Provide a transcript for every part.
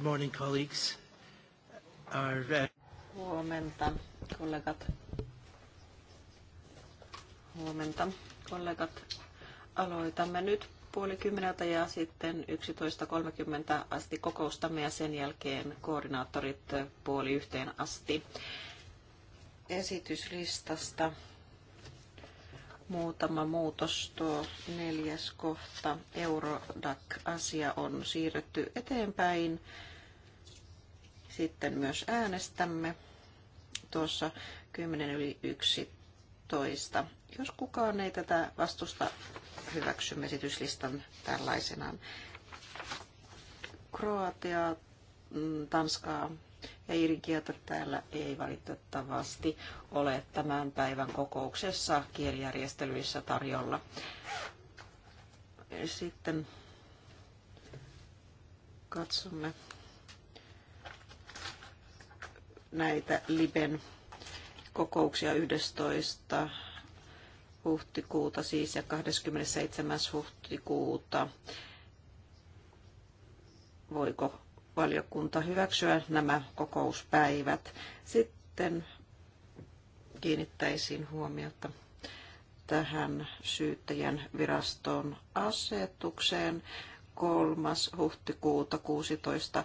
Good morning, colleagues. Our... Uh, Huomenta, kollegat. Huomenta, kollegat. Aloitamme nyt puoli kymmeneltä ja sitten 11.30 asti kokoustamme ja sen jälkeen koordinaattorit puoli yhteen asti esityslistasta muutama muutos. Tuo neljäs kohta, Eurodac-asia on siirretty eteenpäin. Sitten myös äänestämme tuossa 10 yli 11. Jos kukaan ei tätä vastusta, hyväksymme esityslistan tällaisenaan. Kroatia, mm, Tanskaa, ja Kietor täällä ei valitettavasti ole tämän päivän kokouksessa kielijärjestelyissä tarjolla. Sitten katsomme näitä Liben kokouksia 11 huhtikuuta siis ja 27. huhtikuuta. Voiko valiokunta hyväksyä nämä kokouspäivät. Sitten kiinnittäisin huomiota tähän syyttäjän viraston asetukseen. 3. huhtikuuta 16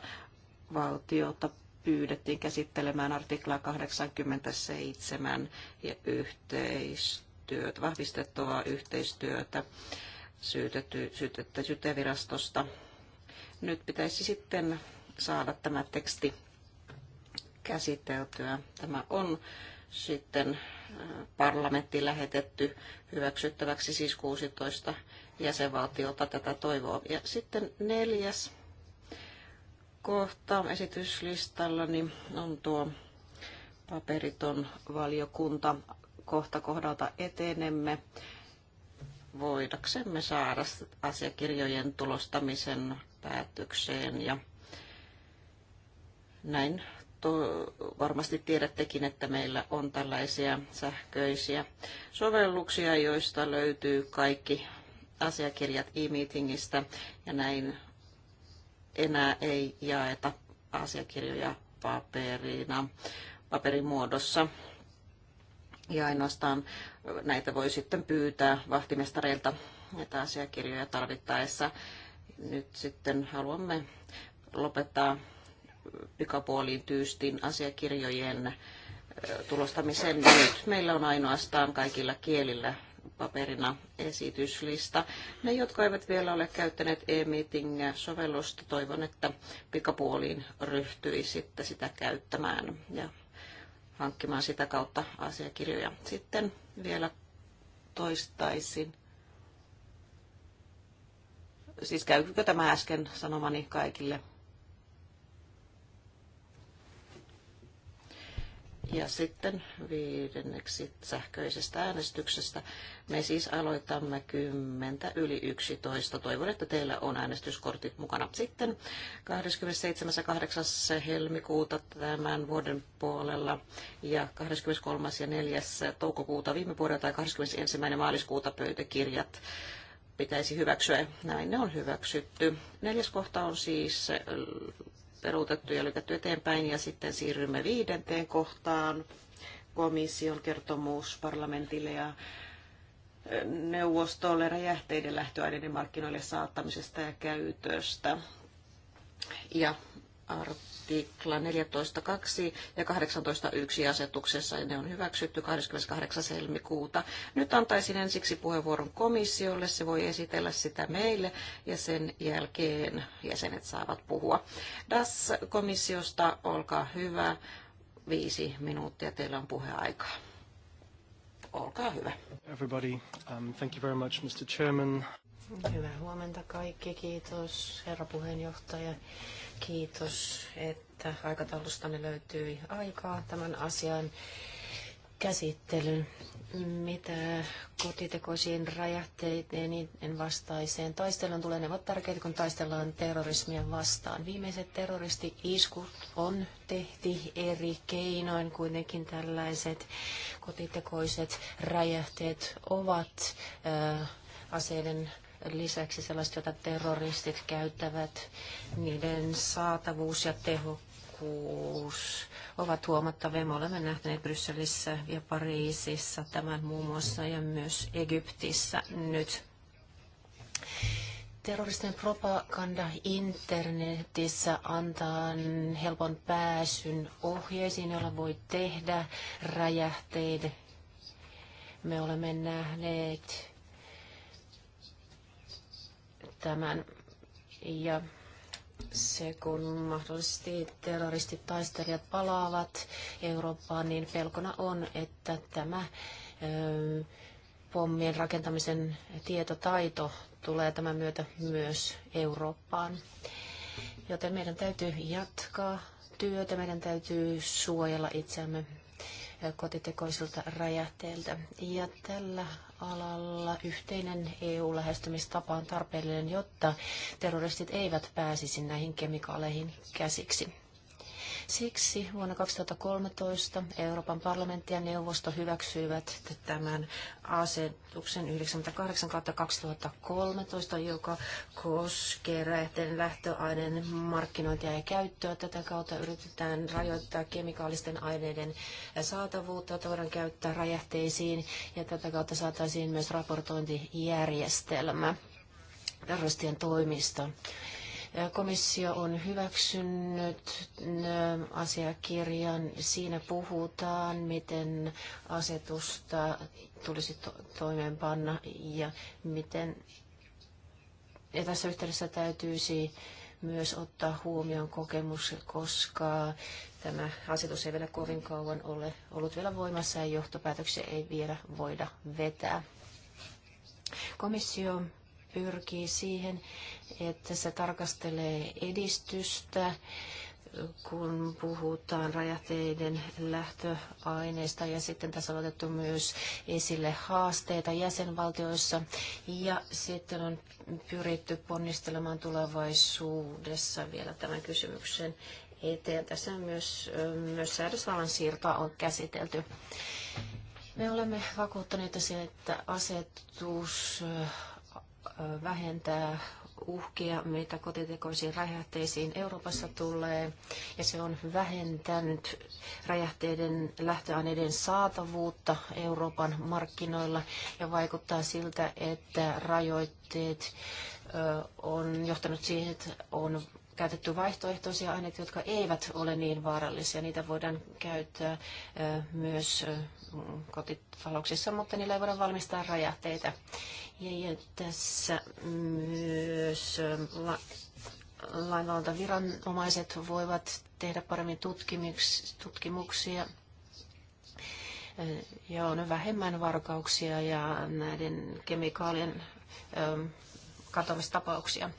valtiota pyydettiin käsittelemään artiklaa 87 ja yhteistyötä, vahvistettavaa yhteistyötä syytetty, syytettä, syytettä, Nyt pitäisi sitten saada tämä teksti käsiteltyä. Tämä on sitten äh, parlamentti lähetetty hyväksyttäväksi, siis 16 jäsenvaltiota tätä toivoo. Ja sitten neljäs kohta niin on tuo paperiton valiokunta. Kohta kohdalta etenemme voidaksemme saada asiakirjojen tulostamisen päätökseen ja näin to, varmasti tiedättekin, että meillä on tällaisia sähköisiä sovelluksia, joista löytyy kaikki asiakirjat e-meetingistä ja näin enää ei jaeta asiakirjoja paperina, paperimuodossa, Ja ainoastaan näitä voi sitten pyytää vahtimestareilta näitä asiakirjoja tarvittaessa. Nyt sitten haluamme lopettaa pikapuoliin tyystin asiakirjojen tulostamisen. Nyt meillä on ainoastaan kaikilla kielillä paperina esityslista. Ne, jotka eivät vielä ole käyttäneet e-meeting-sovellusta, toivon, että pikapuoliin sitten sitä käyttämään ja hankkimaan sitä kautta asiakirjoja. Sitten vielä toistaisin. Siis käykö tämä äsken sanomani kaikille Ja sitten viidenneksi sähköisestä äänestyksestä. Me siis aloitamme 10 yli 11. Toivon, että teillä on äänestyskortit mukana. Sitten 27.8. helmikuuta tämän vuoden puolella ja 23. ja 4. toukokuuta viime vuodelta tai 21. maaliskuuta pöytäkirjat pitäisi hyväksyä. Näin ne on hyväksytty. Neljäs kohta on siis peruutettu ja lykätty eteenpäin. Ja sitten siirrymme viidenteen kohtaan, komission kertomus parlamentille ja neuvostolle räjähteiden lähtöaineiden markkinoille saattamisesta ja käytöstä. Ja artikla 14.2 ja 18.1 asetuksessa, ja ne on hyväksytty 28. helmikuuta. Nyt antaisin ensiksi puheenvuoron komissiolle, se voi esitellä sitä meille, ja sen jälkeen jäsenet saavat puhua. Das komissiosta, olkaa hyvä, viisi minuuttia teillä on puheaikaa. Olkaa hyvä. Everybody, um, thank you very much, Mr. Chairman. Hyvää huomenta kaikki. Kiitos herra puheenjohtaja. Kiitos, että aikataulustanne löytyi aikaa tämän asian käsittelyn. Mitä kotitekoisiin räjähteiden vastaiseen taisteluun tulee, ne ovat tärkeitä, kun taistellaan terrorismia vastaan. Viimeiset terroristi-iskut on tehty eri keinoin, kuitenkin tällaiset kotitekoiset räjähteet ovat äh, aseiden lisäksi sellaiset, joita terroristit käyttävät, niiden saatavuus ja tehokkuus ovat huomattavia. Me olemme nähneet Brysselissä ja Pariisissa tämän muun muassa ja myös Egyptissä nyt. Terroristien propaganda internetissä antaa helpon pääsyn ohjeisiin, joilla voi tehdä räjähteitä. Me olemme nähneet tämän. Ja se, kun mahdollisesti terroristit, taistelijat palaavat Eurooppaan, niin pelkona on, että tämä ö, pommien rakentamisen tietotaito tulee tämän myötä myös Eurooppaan. Joten meidän täytyy jatkaa työtä, meidän täytyy suojella itseämme kotitekoisilta räjähteiltä. Ja tällä alalla yhteinen EU-lähestymistapa on tarpeellinen, jotta terroristit eivät pääsisi näihin kemikaaleihin käsiksi. Siksi vuonna 2013 Euroopan parlamentti ja neuvosto hyväksyivät tämän asetuksen 98-2013, joka koskee räjähteiden lähtöaineen markkinointia ja käyttöä. Tätä kautta yritetään rajoittaa kemikaalisten aineiden saatavuutta, jota voidaan käyttää räjähteisiin, ja tätä kautta saataisiin myös raportointijärjestelmä terroristien toimista. Komissio on hyväksynyt asiakirjan. Siinä puhutaan, miten asetusta tulisi to- toimeenpanna ja miten ja tässä yhteydessä täytyisi myös ottaa huomioon kokemus, koska tämä asetus ei vielä kovin kauan ole ollut vielä voimassa ja johtopäätöksiä ei vielä voida vetää. Komissio pyrkii siihen, että se tarkastelee edistystä, kun puhutaan rajateiden lähtöaineista ja sitten tässä on otettu myös esille haasteita jäsenvaltioissa ja sitten on pyritty ponnistelemaan tulevaisuudessa vielä tämän kysymyksen eteen. Tässä on myös, myös säädösvallan siirtoa on käsitelty. Me olemme vakuuttaneet siitä, että asetus vähentää uhkia, mitä kotitekoisiin räjähteisiin Euroopassa tulee, ja se on vähentänyt räjähteiden lähtöaineiden saatavuutta Euroopan markkinoilla, ja vaikuttaa siltä, että rajoitteet on johtanut siihen, että on käytetty vaihtoehtoisia aineita, jotka eivät ole niin vaarallisia. Niitä voidaan käyttää myös kotitalouksissa, mutta niillä ei voida valmistaa räjähteitä. Ja, ja tässä myös ähm, la, viranomaiset voivat tehdä paremmin tutkimuksia äh, ja on vähemmän varkauksia ja näiden kemikaalien ähm, katoamistapauksia.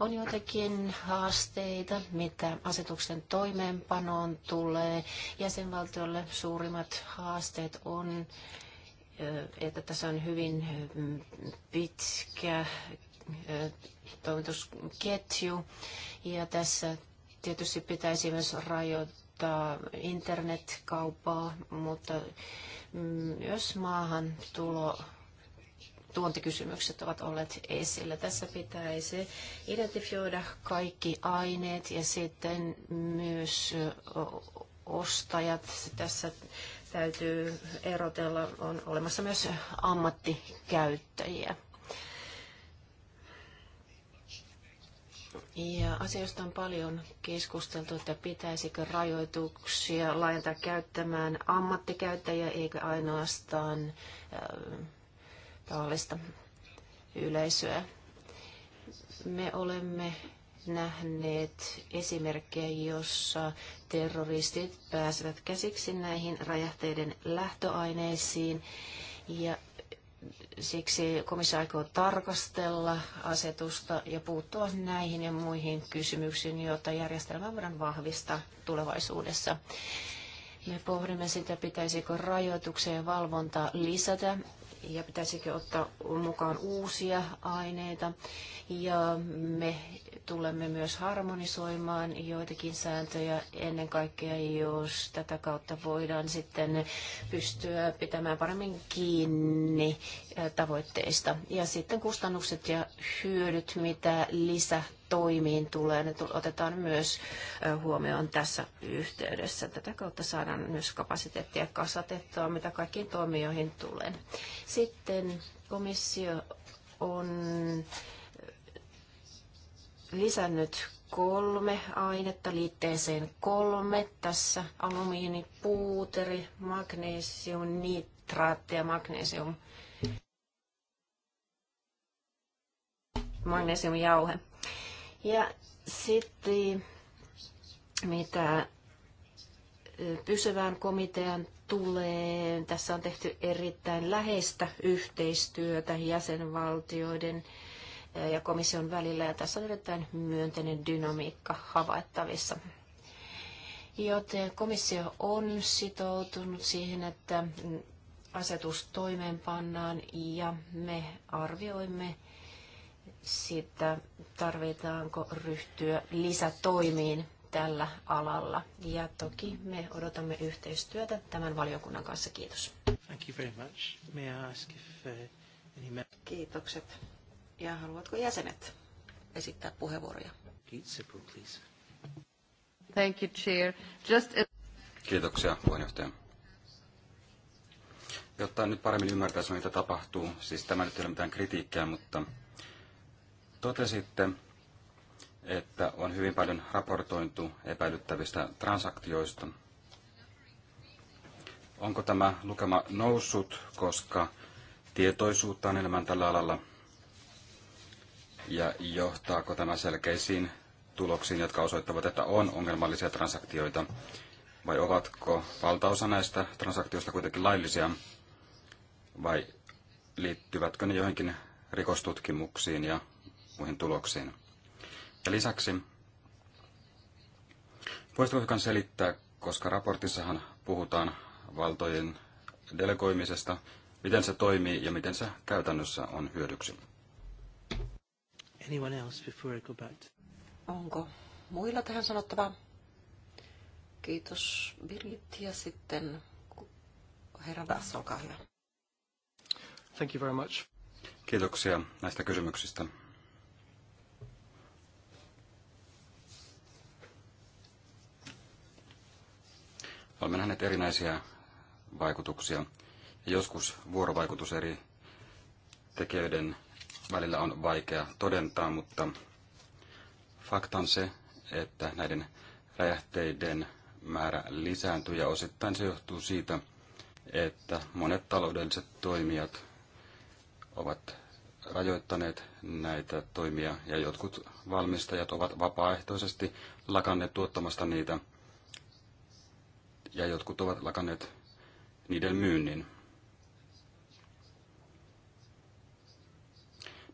On joitakin haasteita, mitä asetuksen toimeenpanoon tulee. Jäsenvaltiolle suurimmat haasteet on, että tässä on hyvin pitkä toimitusketju ja tässä tietysti pitäisi myös rajoittaa internetkaupaa, mutta jos mm, maahan tulo tuontikysymykset ovat olleet esillä. Tässä pitäisi identifioida kaikki aineet ja sitten myös ostajat. Tässä täytyy erotella, on olemassa myös ammattikäyttäjiä. Ja asioista on paljon keskusteltu, että pitäisikö rajoituksia laajentaa käyttämään ammattikäyttäjiä eikä ainoastaan tavallista yleisöä. Me olemme nähneet esimerkkejä, jossa terroristit pääsevät käsiksi näihin räjähteiden lähtöaineisiin ja siksi komissio aikoo tarkastella asetusta ja puuttua näihin ja muihin kysymyksiin, joita järjestelmä voidaan vahvistaa tulevaisuudessa. Me pohdimme sitä, pitäisikö rajoituksia ja valvontaa lisätä ja pitäisikö ottaa mukaan uusia aineita. Ja me tulemme myös harmonisoimaan joitakin sääntöjä ennen kaikkea, jos tätä kautta voidaan sitten pystyä pitämään paremmin kiinni tavoitteista. Ja sitten kustannukset ja hyödyt, mitä lisä toimiin tulee, ne otetaan myös huomioon tässä yhteydessä. Tätä kautta saadaan myös kapasiteettia kasvatettua, mitä kaikkiin toimijoihin tulee. Sitten komissio on lisännyt kolme ainetta liitteeseen kolme. Tässä magnesium, magnesiumnitraatti ja magnesium magnesiumjauhe. Ja sitten mitä pysyvään komitean tulee, tässä on tehty erittäin läheistä yhteistyötä jäsenvaltioiden ja komission välillä, ja tässä on erittäin myönteinen dynamiikka havaittavissa. Joten komissio on sitoutunut siihen, että mm, asetus toimeenpannaan ja me arvioimme siitä, tarvitaanko ryhtyä lisätoimiin tällä alalla. Ja toki me odotamme yhteistyötä tämän valiokunnan kanssa. Kiitos. Thank you very much. May I ask if, uh, any... Kiitokset. Ja haluatko jäsenet esittää puheenvuoroja? Kiitsepu, please. Thank you, Chair. Just a... Kiitoksia, puheenjohtaja. Jotta nyt paremmin ymmärtäisi, mitä tapahtuu, siis tämä nyt ei ole mitään kritiikkiä, mutta Totesitte, että on hyvin paljon raportointu epäilyttävistä transaktioista. Onko tämä lukema noussut, koska tietoisuutta on enemmän tällä alalla? Ja johtaako tämä selkeisiin tuloksiin, jotka osoittavat, että on ongelmallisia transaktioita? Vai ovatko valtaosa näistä transaktioista kuitenkin laillisia? Vai liittyvätkö ne joihinkin rikostutkimuksiin ja muihin tuloksiin. Ja lisäksi, voisitko hiukan selittää, koska raportissahan puhutaan valtojen delegoimisesta, miten se toimii ja miten se käytännössä on hyödyksi. Anyone else before I go back to... Onko muilla tähän sanottavaa? Kiitos Birgit ja sitten herra Vass, olkaa hyvä. Thank you very much. Kiitoksia näistä kysymyksistä. Olemme nähneet erinäisiä vaikutuksia. Ja joskus vuorovaikutus eri tekijöiden välillä on vaikea todentaa, mutta fakta on se, että näiden räjähteiden määrä lisääntyy ja osittain se johtuu siitä, että monet taloudelliset toimijat ovat rajoittaneet näitä toimia ja jotkut valmistajat ovat vapaaehtoisesti lakanneet tuottamasta niitä, ja jotkut ovat lakanneet niiden myynnin.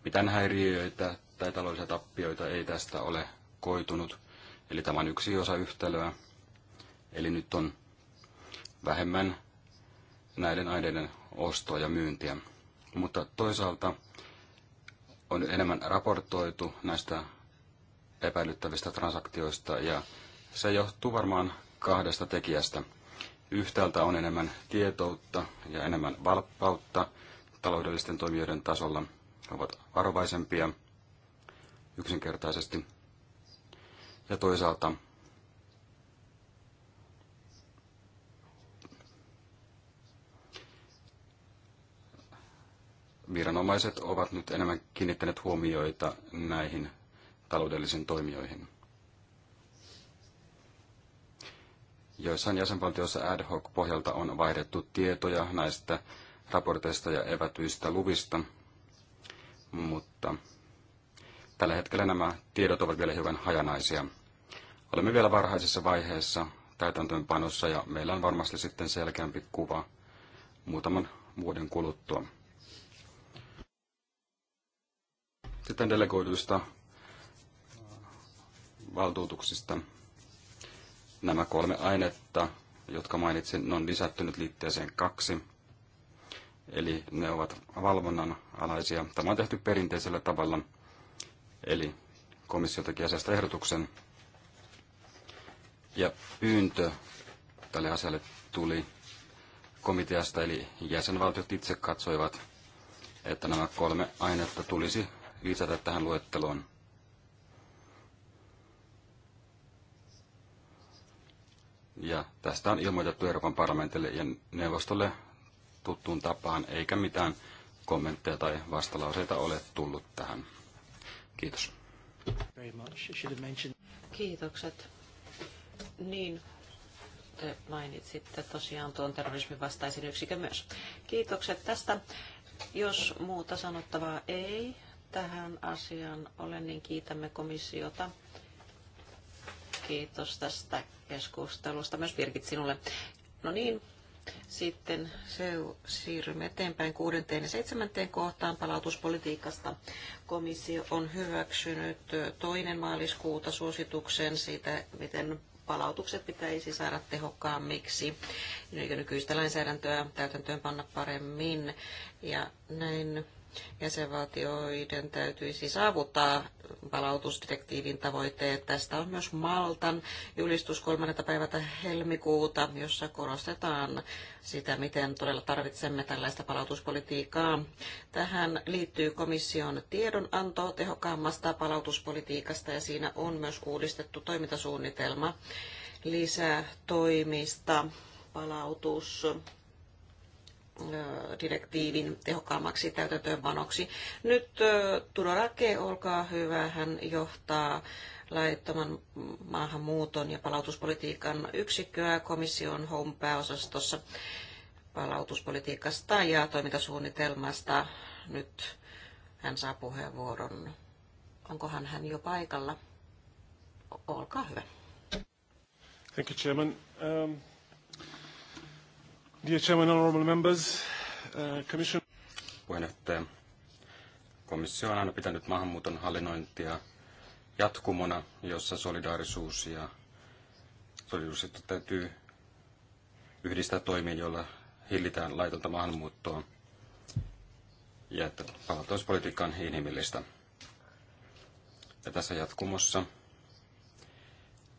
Mitään häiriöitä tai taloudellisia tappioita ei tästä ole koitunut, eli tämä on yksi osa yhtälöä. Eli nyt on vähemmän näiden aineiden ostoa ja myyntiä. Mutta toisaalta on enemmän raportoitu näistä epäilyttävistä transaktioista ja se johtuu varmaan kahdesta tekijästä. Yhtäältä on enemmän tietoutta ja enemmän valppautta taloudellisten toimijoiden tasolla. He ovat varovaisempia yksinkertaisesti. Ja toisaalta viranomaiset ovat nyt enemmän kiinnittäneet huomioita näihin taloudellisiin toimijoihin. Joissain jäsenvaltioissa ad hoc pohjalta on vaihdettu tietoja näistä raporteista ja evätyistä luvista, mutta tällä hetkellä nämä tiedot ovat vielä hyvän hajanaisia. Olemme vielä varhaisessa vaiheessa täytäntöönpanossa ja meillä on varmasti sitten selkeämpi kuva muutaman vuoden kuluttua. Sitten delegoiduista valtuutuksista Nämä kolme ainetta, jotka mainitsin, on lisätty nyt liitteeseen kaksi. Eli ne ovat valvonnan alaisia. Tämä on tehty perinteisellä tavalla. Eli komissio teki asiasta ehdotuksen. Ja pyyntö tälle asialle tuli komiteasta, eli jäsenvaltiot itse katsoivat, että nämä kolme ainetta tulisi lisätä tähän luetteloon. Ja tästä on ilmoitettu Euroopan parlamentille ja neuvostolle tuttuun tapaan, eikä mitään kommentteja tai vastalauseita ole tullut tähän. Kiitos. Kiitokset. Niin, te mainitsitte tosiaan tuon terrorismin vastaisen yksikön myös. Kiitokset tästä. Jos muuta sanottavaa ei tähän asiaan ole, niin kiitämme komissiota Kiitos tästä keskustelusta myös Birgit sinulle. No niin, sitten seu, siirrymme eteenpäin kuudenteen ja seitsemänteen kohtaan palautuspolitiikasta. Komissio on hyväksynyt toinen maaliskuuta suosituksen siitä, miten palautukset pitäisi saada tehokkaammiksi ja nykyistä lainsäädäntöä täytäntöön panna paremmin. Ja näin Jäsenvaltioiden täytyisi siis saavuttaa palautusdirektiivin tavoitteet. Tästä on myös Maltan julistus 3. päivätä helmikuuta, jossa korostetaan sitä, miten todella tarvitsemme tällaista palautuspolitiikkaa. Tähän liittyy komission tiedonanto tehokkaammasta palautuspolitiikasta ja siinä on myös uudistettu toimintasuunnitelma lisätoimista palautus direktiivin tehokkaammaksi täytäntöönpanoksi. Nyt Tudorake, olkaa hyvä, hän johtaa laittoman maahanmuuton ja palautuspolitiikan yksikköä komission home pääosastossa palautuspolitiikasta ja toimintasuunnitelmasta. Nyt hän saa puheenvuoron. Onkohan hän jo paikalla? Olkaa hyvä. Thank you, Chairman. Um... Dear Chairman, honorable members, uh, commission... Puheenjohtaja, komissio on aina pitänyt maahanmuuton hallinnointia jatkumona, jossa solidaarisuus ja solidaarisuus täytyy yhdistää toimiin, joilla hillitään laitonta maahanmuuttoa ja että palautuspolitiikka on inhimillistä. Ja tässä jatkumossa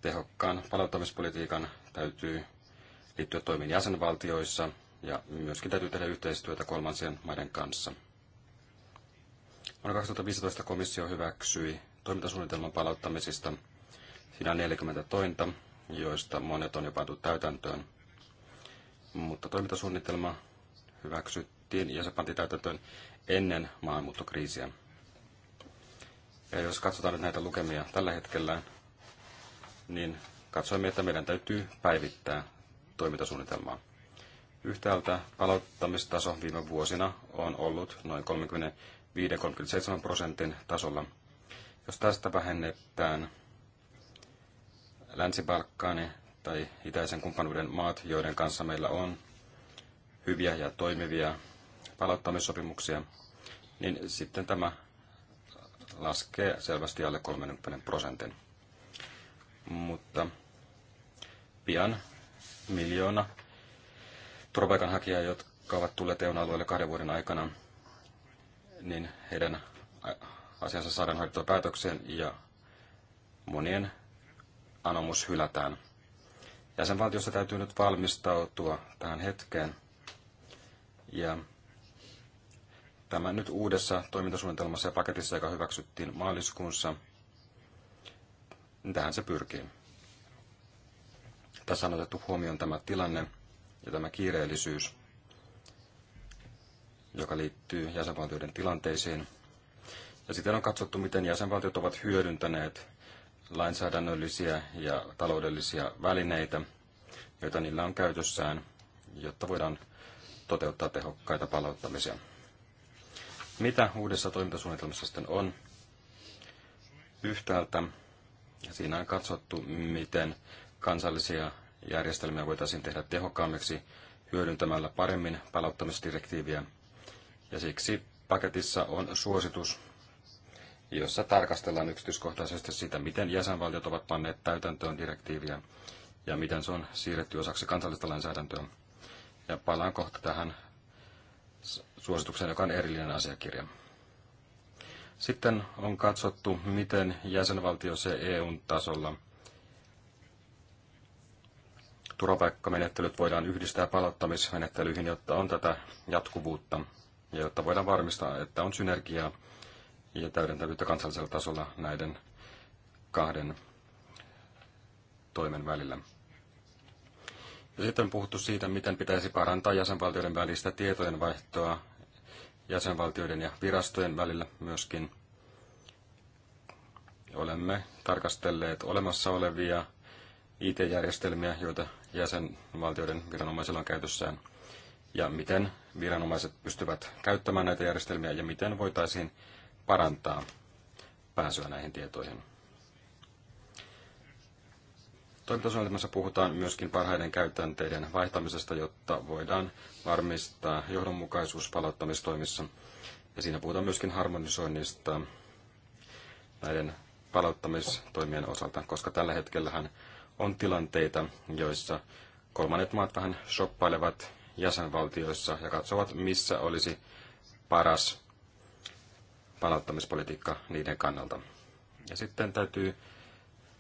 tehokkaan palauttamispolitiikan täytyy liittyä toimiin jäsenvaltioissa ja myöskin täytyy tehdä yhteistyötä kolmansien maiden kanssa. Vuonna 2015 komissio hyväksyi toimintasuunnitelman palauttamisista. Siinä on 40 tointa, joista monet on jo pantu täytäntöön. Mutta toimintasuunnitelma hyväksyttiin ja se pantiin täytäntöön ennen maahanmuuttokriisiä. Ja jos katsotaan nyt näitä lukemia tällä hetkellä, niin katsoimme, että meidän täytyy päivittää toimintasuunnitelmaa. Yhtäältä palauttamistaso viime vuosina on ollut noin 35-37 prosentin tasolla. Jos tästä vähennetään länsi tai itäisen kumppanuuden maat, joiden kanssa meillä on hyviä ja toimivia palauttamissopimuksia, niin sitten tämä laskee selvästi alle 30 prosentin. Mutta pian miljoona turvapaikanhakijaa, jotka ovat tulleet eu alueelle kahden vuoden aikana, niin heidän asiansa saadaan hoidettua päätökseen ja monien anomus hylätään. Jäsenvaltiossa täytyy nyt valmistautua tähän hetkeen. Ja tämä nyt uudessa toimintasuunnitelmassa ja paketissa, joka hyväksyttiin maaliskuussa, niin tähän se pyrkii. Tässä on otettu huomioon tämä tilanne ja tämä kiireellisyys, joka liittyy jäsenvaltioiden tilanteisiin. Ja sitten on katsottu, miten jäsenvaltiot ovat hyödyntäneet lainsäädännöllisiä ja taloudellisia välineitä, joita niillä on käytössään, jotta voidaan toteuttaa tehokkaita palauttamisia. Mitä uudessa toimintasuunnitelmassa sitten on? Yhtäältä siinä on katsottu, miten kansallisia järjestelmiä voitaisiin tehdä tehokkaammiksi hyödyntämällä paremmin palauttamisdirektiiviä. Ja siksi paketissa on suositus, jossa tarkastellaan yksityiskohtaisesti sitä, miten jäsenvaltiot ovat panneet täytäntöön direktiiviä ja miten se on siirretty osaksi kansallista lainsäädäntöä. Ja palaan kohta tähän suositukseen, joka on erillinen asiakirja. Sitten on katsottu, miten jäsenvaltio se EUn tasolla – turvapaikkamenettelyt voidaan yhdistää palauttamismenettelyihin, jotta on tätä jatkuvuutta ja jotta voidaan varmistaa, että on synergiaa ja täydentävyyttä kansallisella tasolla näiden kahden toimen välillä. Ja sitten on puhuttu siitä, miten pitäisi parantaa jäsenvaltioiden välistä tietojenvaihtoa jäsenvaltioiden ja virastojen välillä myöskin. Olemme tarkastelleet olemassa olevia IT-järjestelmiä, joita jäsenvaltioiden viranomaisilla on käytössään ja miten viranomaiset pystyvät käyttämään näitä järjestelmiä ja miten voitaisiin parantaa pääsyä näihin tietoihin. Toimintasuunnitelmassa puhutaan myöskin parhaiden käytänteiden vaihtamisesta, jotta voidaan varmistaa johdonmukaisuus palauttamistoimissa. Ja siinä puhutaan myöskin harmonisoinnista näiden palauttamistoimien osalta, koska tällä hetkellähän on tilanteita, joissa kolmannet maat vähän shoppailevat jäsenvaltioissa ja katsovat, missä olisi paras palauttamispolitiikka niiden kannalta. Ja sitten täytyy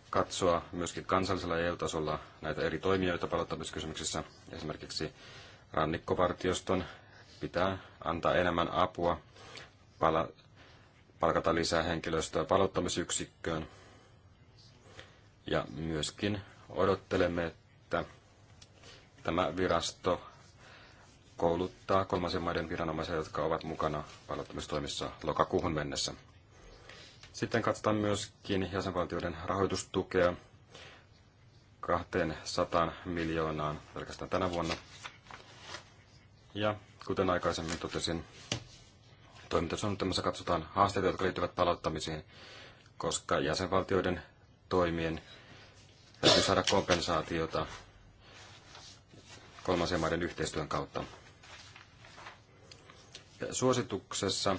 katsoa myöskin kansallisella EU-tasolla näitä eri toimijoita palauttamiskysymyksissä. Esimerkiksi rannikkovartioston pitää antaa enemmän apua, pala- palkata lisää henkilöstöä palauttamisyksikköön ja myöskin odottelemme, että tämä virasto kouluttaa kolmansien maiden viranomaisia, jotka ovat mukana palauttamistoimissa lokakuuhun mennessä. Sitten katsotaan myöskin jäsenvaltioiden rahoitustukea 200 miljoonaan pelkästään tänä vuonna. Ja kuten aikaisemmin totesin, toimintasuunnitelmassa katsotaan haasteita, jotka liittyvät palauttamisiin, koska jäsenvaltioiden toimien täytyy saada kompensaatiota kolmansien maiden yhteistyön kautta. Suosituksessa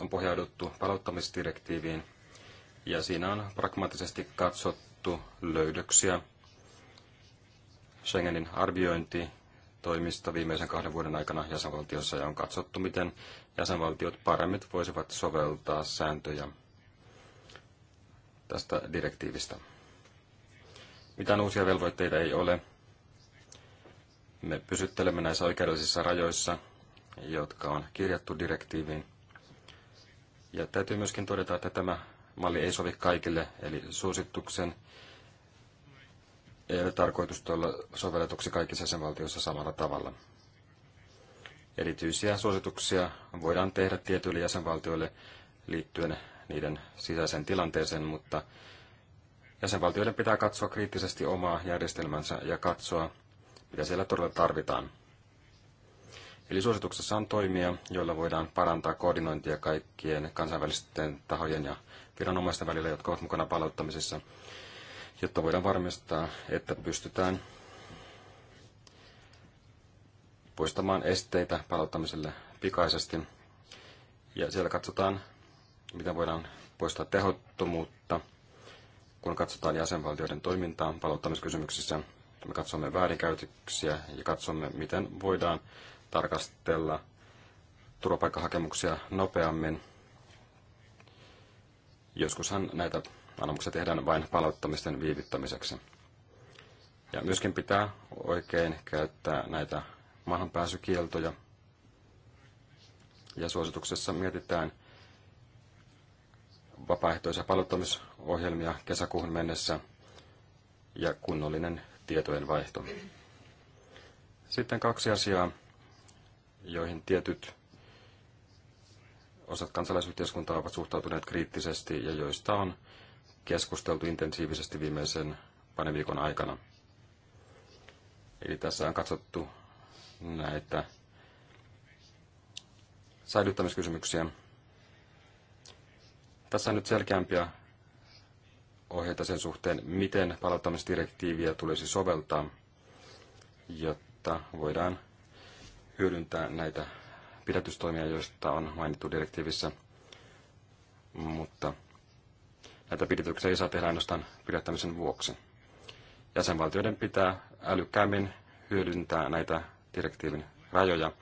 on pohjauduttu palauttamisdirektiiviin ja siinä on pragmaattisesti katsottu löydöksiä Schengenin arviointi toimista viimeisen kahden vuoden aikana jäsenvaltiossa ja on katsottu, miten jäsenvaltiot paremmin voisivat soveltaa sääntöjä tästä direktiivistä. Mitään uusia velvoitteita ei ole. Me pysyttelemme näissä oikeudellisissa rajoissa, jotka on kirjattu direktiiviin. Ja täytyy myöskin todeta, että tämä malli ei sovi kaikille, eli suosituksen ei ole tarkoitus tulla sovelletuksi kaikissa jäsenvaltioissa samalla tavalla. Erityisiä suosituksia voidaan tehdä tietyille jäsenvaltioille liittyen niiden sisäisen tilanteeseen, mutta jäsenvaltioiden pitää katsoa kriittisesti omaa järjestelmänsä ja katsoa, mitä siellä todella tarvitaan. Eli suosituksessa on toimia, joilla voidaan parantaa koordinointia kaikkien kansainvälisten tahojen ja viranomaisten välillä, jotka ovat mukana palauttamisessa, jotta voidaan varmistaa, että pystytään poistamaan esteitä palauttamiselle pikaisesti. Ja siellä katsotaan miten voidaan poistaa tehottomuutta, kun katsotaan jäsenvaltioiden toimintaa palauttamiskysymyksissä. Me katsomme väärinkäytöksiä ja katsomme, miten voidaan tarkastella turvapaikkahakemuksia nopeammin. Joskushan näitä anomuksia tehdään vain palauttamisten viivittämiseksi. Ja myöskin pitää oikein käyttää näitä maahanpääsykieltoja. Ja suosituksessa mietitään, vapaaehtoisia palauttamisohjelmia kesäkuuhun mennessä ja kunnollinen tietojen vaihto. Sitten kaksi asiaa, joihin tietyt osat kansalaisyhteiskuntaa ovat suhtautuneet kriittisesti ja joista on keskusteltu intensiivisesti viimeisen parin viikon aikana. Eli tässä on katsottu näitä säilyttämiskysymyksiä. Tässä on nyt selkeämpiä ohjeita sen suhteen, miten palauttamisdirektiiviä tulisi soveltaa, jotta voidaan hyödyntää näitä pidätystoimia, joista on mainittu direktiivissä. Mutta näitä pidätyksiä ei saa tehdä ainoastaan pidättämisen vuoksi. Jäsenvaltioiden pitää älykkäämmin hyödyntää näitä direktiivin rajoja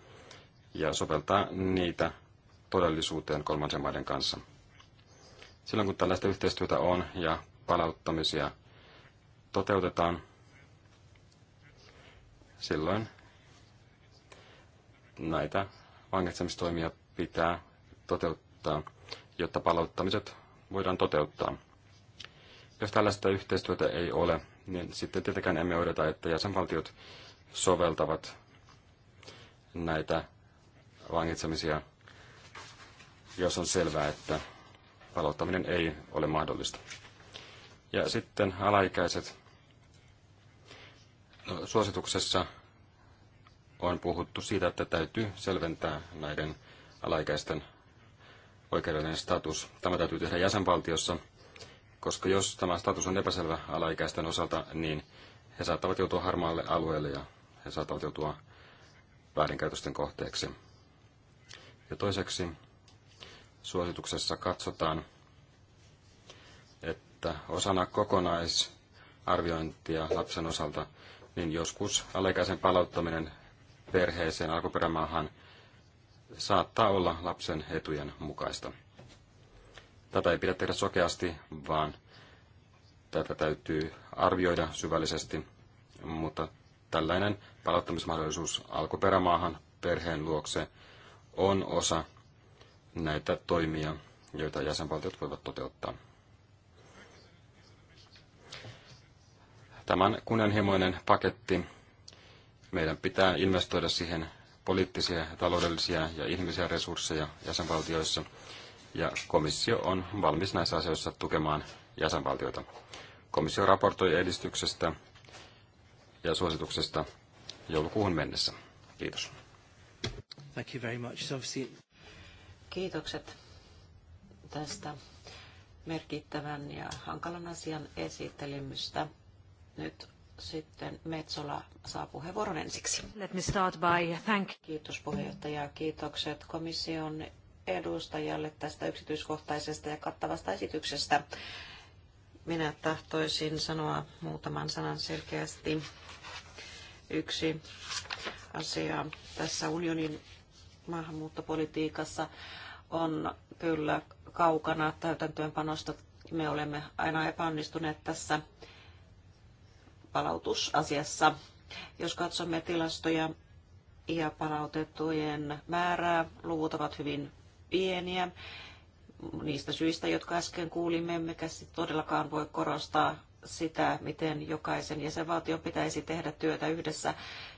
ja soveltaa niitä todellisuuteen kolmansien maiden kanssa – Silloin kun tällaista yhteistyötä on ja palauttamisia toteutetaan, silloin näitä vangitsemistoimia pitää toteuttaa, jotta palauttamiset voidaan toteuttaa. Jos tällaista yhteistyötä ei ole, niin sitten tietenkään emme odota, että jäsenvaltiot soveltavat näitä vangitsemisia, jos on selvää, että palauttaminen ei ole mahdollista. Ja sitten alaikäiset. No, suosituksessa on puhuttu siitä, että täytyy selventää näiden alaikäisten oikeudellinen status. Tämä täytyy tehdä jäsenvaltiossa, koska jos tämä status on epäselvä alaikäisten osalta, niin he saattavat joutua harmaalle alueelle ja he saattavat joutua väärinkäytösten kohteeksi. Ja toiseksi suosituksessa katsotaan, että osana kokonaisarviointia lapsen osalta, niin joskus alaikäisen palauttaminen perheeseen alkuperämaahan saattaa olla lapsen etujen mukaista. Tätä ei pidä tehdä sokeasti, vaan tätä täytyy arvioida syvällisesti, mutta tällainen palauttamismahdollisuus alkuperämaahan perheen luokse on osa näitä toimia, joita jäsenvaltiot voivat toteuttaa. Tämän kunnianhimoinen paketti, meidän pitää investoida siihen poliittisia, taloudellisia ja ihmisiä resursseja jäsenvaltioissa, ja komissio on valmis näissä asioissa tukemaan jäsenvaltioita. Komissio raportoi edistyksestä ja suosituksesta joulukuuhun mennessä. Kiitos. Thank you very much. obviously Kiitokset tästä merkittävän ja hankalan asian esittelemystä. Nyt sitten Metsola saa puheenvuoron ensiksi. Let me start by thank. Kiitos puheenjohtaja. Kiitokset komission edustajalle tästä yksityiskohtaisesta ja kattavasta esityksestä. Minä tahtoisin sanoa muutaman sanan selkeästi. Yksi asia tässä unionin maahanmuuttopolitiikassa on kyllä kaukana täytäntöönpanosta. Me olemme aina epäonnistuneet tässä palautusasiassa. Jos katsomme tilastoja ja palautettujen määrää, luvut ovat hyvin pieniä. Niistä syistä, jotka äsken kuulimme, emmekä todellakaan voi korostaa sitä, miten jokaisen jäsenvaltion pitäisi tehdä työtä yhdessä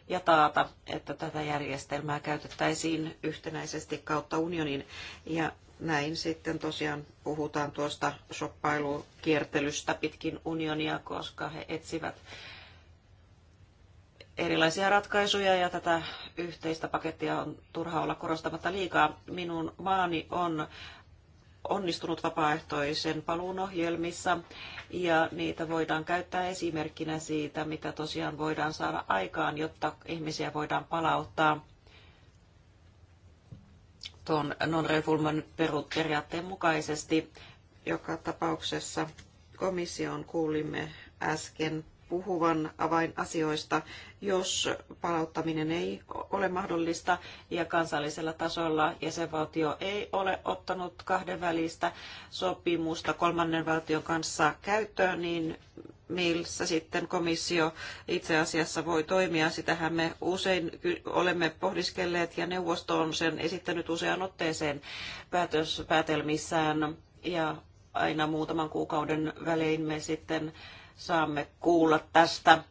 ja taata, että tätä järjestelmää käytettäisiin yhtenäisesti kautta unionin. Ja näin sitten tosiaan puhutaan tuosta shoppailukiertelystä pitkin unionia, koska he etsivät erilaisia ratkaisuja ja tätä yhteistä pakettia on turha olla korostamatta liikaa. Minun maani on onnistunut vapaaehtoisen paluun ohjelmissa ja niitä voidaan käyttää esimerkkinä siitä, mitä tosiaan voidaan saada aikaan, jotta ihmisiä voidaan palauttaa tuon non-refulman periaatteen mukaisesti. Joka tapauksessa komission kuulimme äsken puhuvan avainasioista, jos palauttaminen ei ole mahdollista ja kansallisella tasolla jäsenvaltio ei ole ottanut kahdenvälistä sopimusta kolmannen valtion kanssa käyttöön, niin missä sitten komissio itse asiassa voi toimia. Sitähän me usein olemme pohdiskelleet ja neuvosto on sen esittänyt useaan otteeseen päätöspäätelmissään ja aina muutaman kuukauden välein me sitten saamme kuulla tästä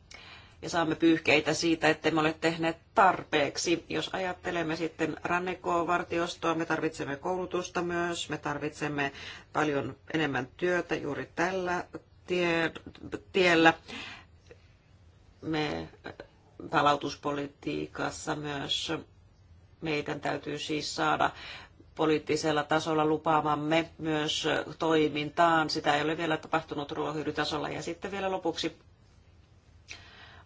ja saamme pyyhkeitä siitä, että me ole tehneet tarpeeksi. Jos ajattelemme sitten rannikkovartiostoa, me tarvitsemme koulutusta myös, me tarvitsemme paljon enemmän työtä juuri tällä tie- tiellä. Me äh, palautuspolitiikassa myös meidän täytyy siis saada poliittisella tasolla lupaamamme myös toimintaan. Sitä ei ole vielä tapahtunut ruohonjuuritasolla. Ja sitten vielä lopuksi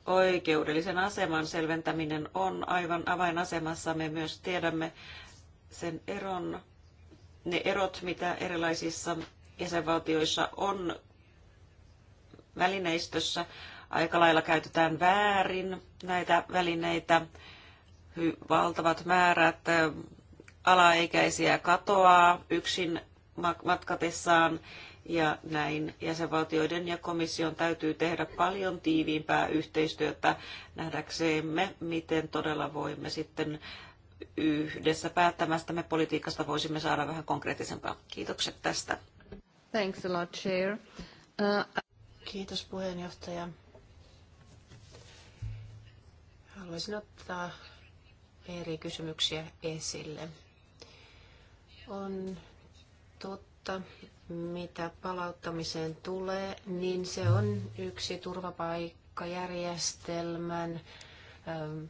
oikeudellisen aseman selventäminen on aivan avainasemassa. Me myös tiedämme sen eron, ne erot, mitä erilaisissa jäsenvaltioissa on välineistössä. Aika lailla käytetään väärin näitä välineitä. Valtavat määrät alaikäisiä katoaa yksin matkatessaan ja näin jäsenvaltioiden ja komission täytyy tehdä paljon tiiviimpää yhteistyötä nähdäksemme, miten todella voimme sitten yhdessä päättämästämme politiikasta voisimme saada vähän konkreettisempaa. Kiitokset tästä. Thanks a lot, Chair. Uh, Kiitos puheenjohtaja. Haluaisin ottaa eri kysymyksiä esille. On totta, mitä palauttamiseen tulee, niin se on yksi turvapaikkajärjestelmän ähm,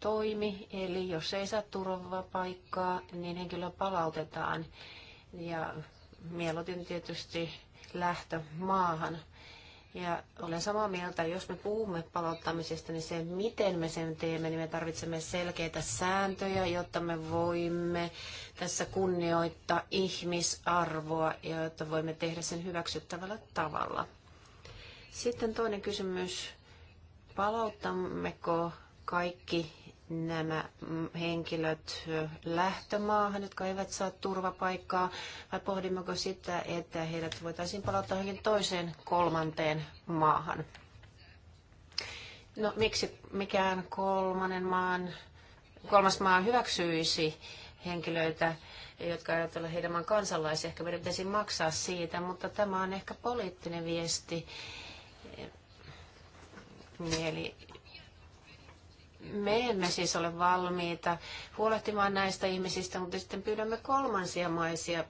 toimi. Eli jos ei saa turvapaikkaa, niin henkilö palautetaan. Ja mieluiten tietysti lähtö maahan. Ja olen samaa mieltä, jos me puhumme palauttamisesta, niin se, miten me sen teemme, niin me tarvitsemme selkeitä sääntöjä, jotta me voimme tässä kunnioittaa ihmisarvoa ja jotta voimme tehdä sen hyväksyttävällä tavalla. Sitten toinen kysymys. Palauttammeko kaikki nämä mm, henkilöt lähtömaahan, jotka eivät saa turvapaikkaa, vai pohdimmeko sitä, että heidät voitaisiin palauttaa johonkin toiseen kolmanteen maahan? No miksi mikään kolmannen maan, kolmas maa hyväksyisi henkilöitä, jotka eivät ole heidän maan kansalaisia. Ehkä meidän pitäisi maksaa siitä, mutta tämä on ehkä poliittinen viesti. Eli me emme siis ole valmiita huolehtimaan näistä ihmisistä, mutta sitten pyydämme kolmansia maisia,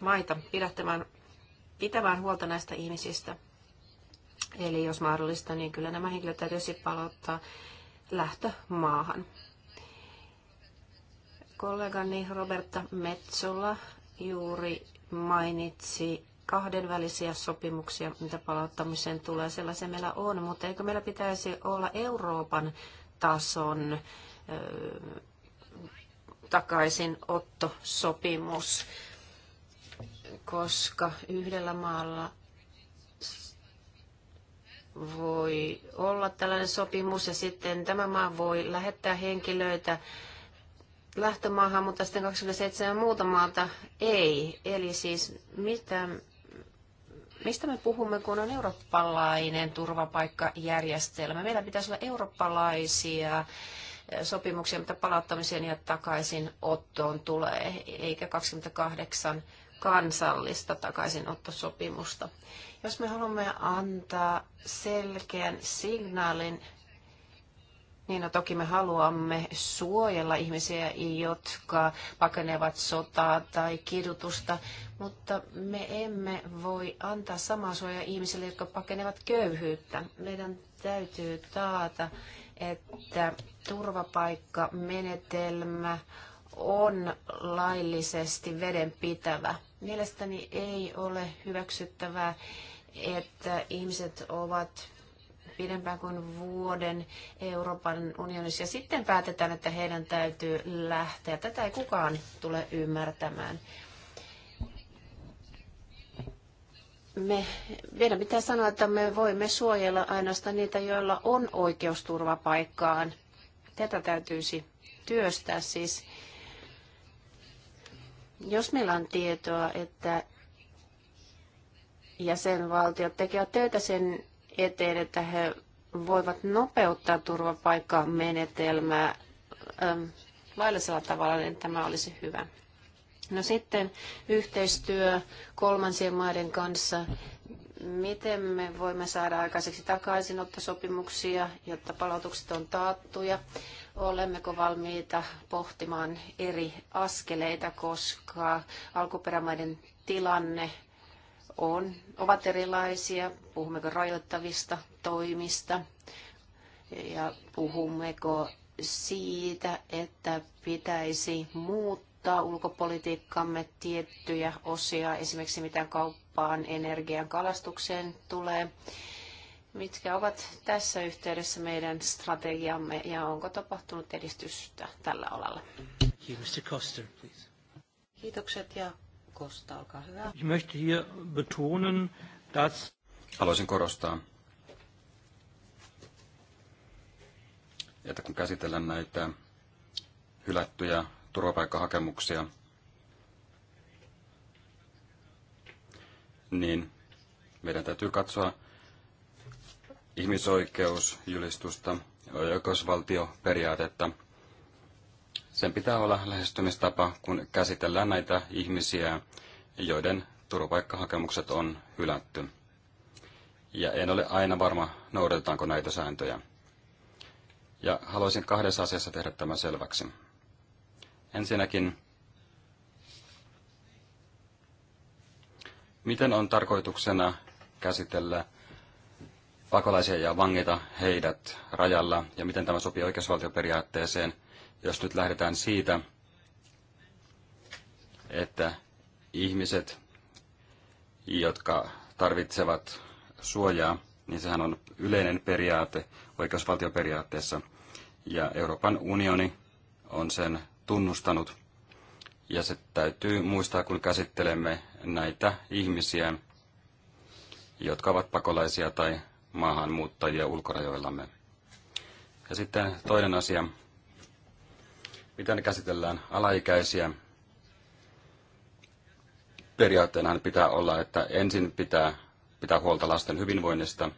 maita pidättämään, pitämään huolta näistä ihmisistä. Eli jos mahdollista, niin kyllä nämä henkilöt täytyisi palauttaa lähtömaahan. Kollegani Roberta Metsola juuri mainitsi kahdenvälisiä sopimuksia, mitä palauttamiseen tulee. Sellaisia meillä on, mutta eikö meillä pitäisi olla Euroopan tason takaisinottosopimus, koska yhdellä maalla voi olla tällainen sopimus ja sitten tämä maa voi lähettää henkilöitä lähtömaahan, mutta sitten 27 muuta maata ei. Eli siis mitä Mistä me puhumme, kun on eurooppalainen turvapaikkajärjestelmä? Meillä pitäisi olla eurooppalaisia eh, sopimuksia, mitä palauttamiseen ja takaisinottoon tulee, eikä 28 kansallista takaisinottosopimusta. Jos me haluamme antaa selkeän signaalin niin, no toki me haluamme suojella ihmisiä, jotka pakenevat sotaa tai kidutusta, mutta me emme voi antaa samaa suojaa ihmisille, jotka pakenevat köyhyyttä. Meidän täytyy taata, että turvapaikkamenetelmä on laillisesti vedenpitävä. Mielestäni ei ole hyväksyttävää, että ihmiset ovat pidempään kuin vuoden Euroopan unionissa ja sitten päätetään, että heidän täytyy lähteä. Tätä ei kukaan tule ymmärtämään. Me, meidän pitää sanoa, että me voimme suojella ainoastaan niitä, joilla on oikeus turvapaikkaan. Tätä täytyisi työstää siis. Jos meillä on tietoa, että jäsenvaltiot tekevät töitä sen eteen, että he voivat nopeuttaa turvapaikkamenetelmää laillisella tavalla, niin tämä olisi hyvä. No sitten yhteistyö kolmansien maiden kanssa. Miten me voimme saada aikaiseksi takaisinottosopimuksia, jotta palautukset on taattuja? Olemmeko valmiita pohtimaan eri askeleita, koska alkuperämaiden tilanne on, ovat erilaisia. Puhummeko rajoittavista toimista ja puhummeko siitä, että pitäisi muuttaa ulkopolitiikkamme tiettyjä osia, esimerkiksi mitä kauppaan, energian, kalastukseen tulee. Mitkä ovat tässä yhteydessä meidän strategiamme ja onko tapahtunut edistystä tällä alalla? Kiitokset ja olkaa hyvä. Ich möchte hier betonen, dass... Haluaisin korostaa, että kun käsitellään näitä hylättyjä turvapaikkahakemuksia, niin meidän täytyy katsoa ihmisoikeusjulistusta, oikeusvaltioperiaatetta – sen pitää olla lähestymistapa, kun käsitellään näitä ihmisiä, joiden turvapaikkahakemukset on hylätty. Ja en ole aina varma, noudatetaanko näitä sääntöjä. Ja haluaisin kahdessa asiassa tehdä tämän selväksi. Ensinnäkin, miten on tarkoituksena käsitellä pakolaisia ja vangita heidät rajalla, ja miten tämä sopii oikeusvaltioperiaatteeseen – jos nyt lähdetään siitä, että ihmiset, jotka tarvitsevat suojaa, niin sehän on yleinen periaate oikeusvaltioperiaatteessa. Ja Euroopan unioni on sen tunnustanut. Ja se täytyy muistaa, kun käsittelemme näitä ihmisiä, jotka ovat pakolaisia tai maahanmuuttajia ulkorajoillamme. Ja sitten toinen asia, miten käsitellään alaikäisiä. Periaatteena pitää olla, että ensin pitää pitää huolta lasten hyvinvoinnista,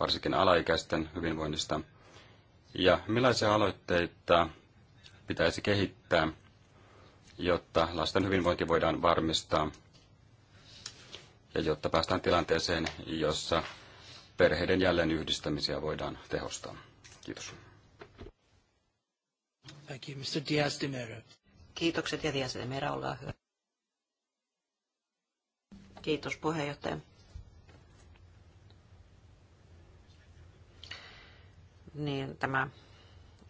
varsinkin alaikäisten hyvinvoinnista. Ja millaisia aloitteita pitäisi kehittää, jotta lasten hyvinvointi voidaan varmistaa ja jotta päästään tilanteeseen, jossa perheiden jälleen yhdistämisiä voidaan tehostaa. Kiitos. Thank you, Mr. Diaz de Mera. Kiitokset ja Diaz de Mera, olkaa hyvä. Kiitos puheenjohtaja. Niin tämä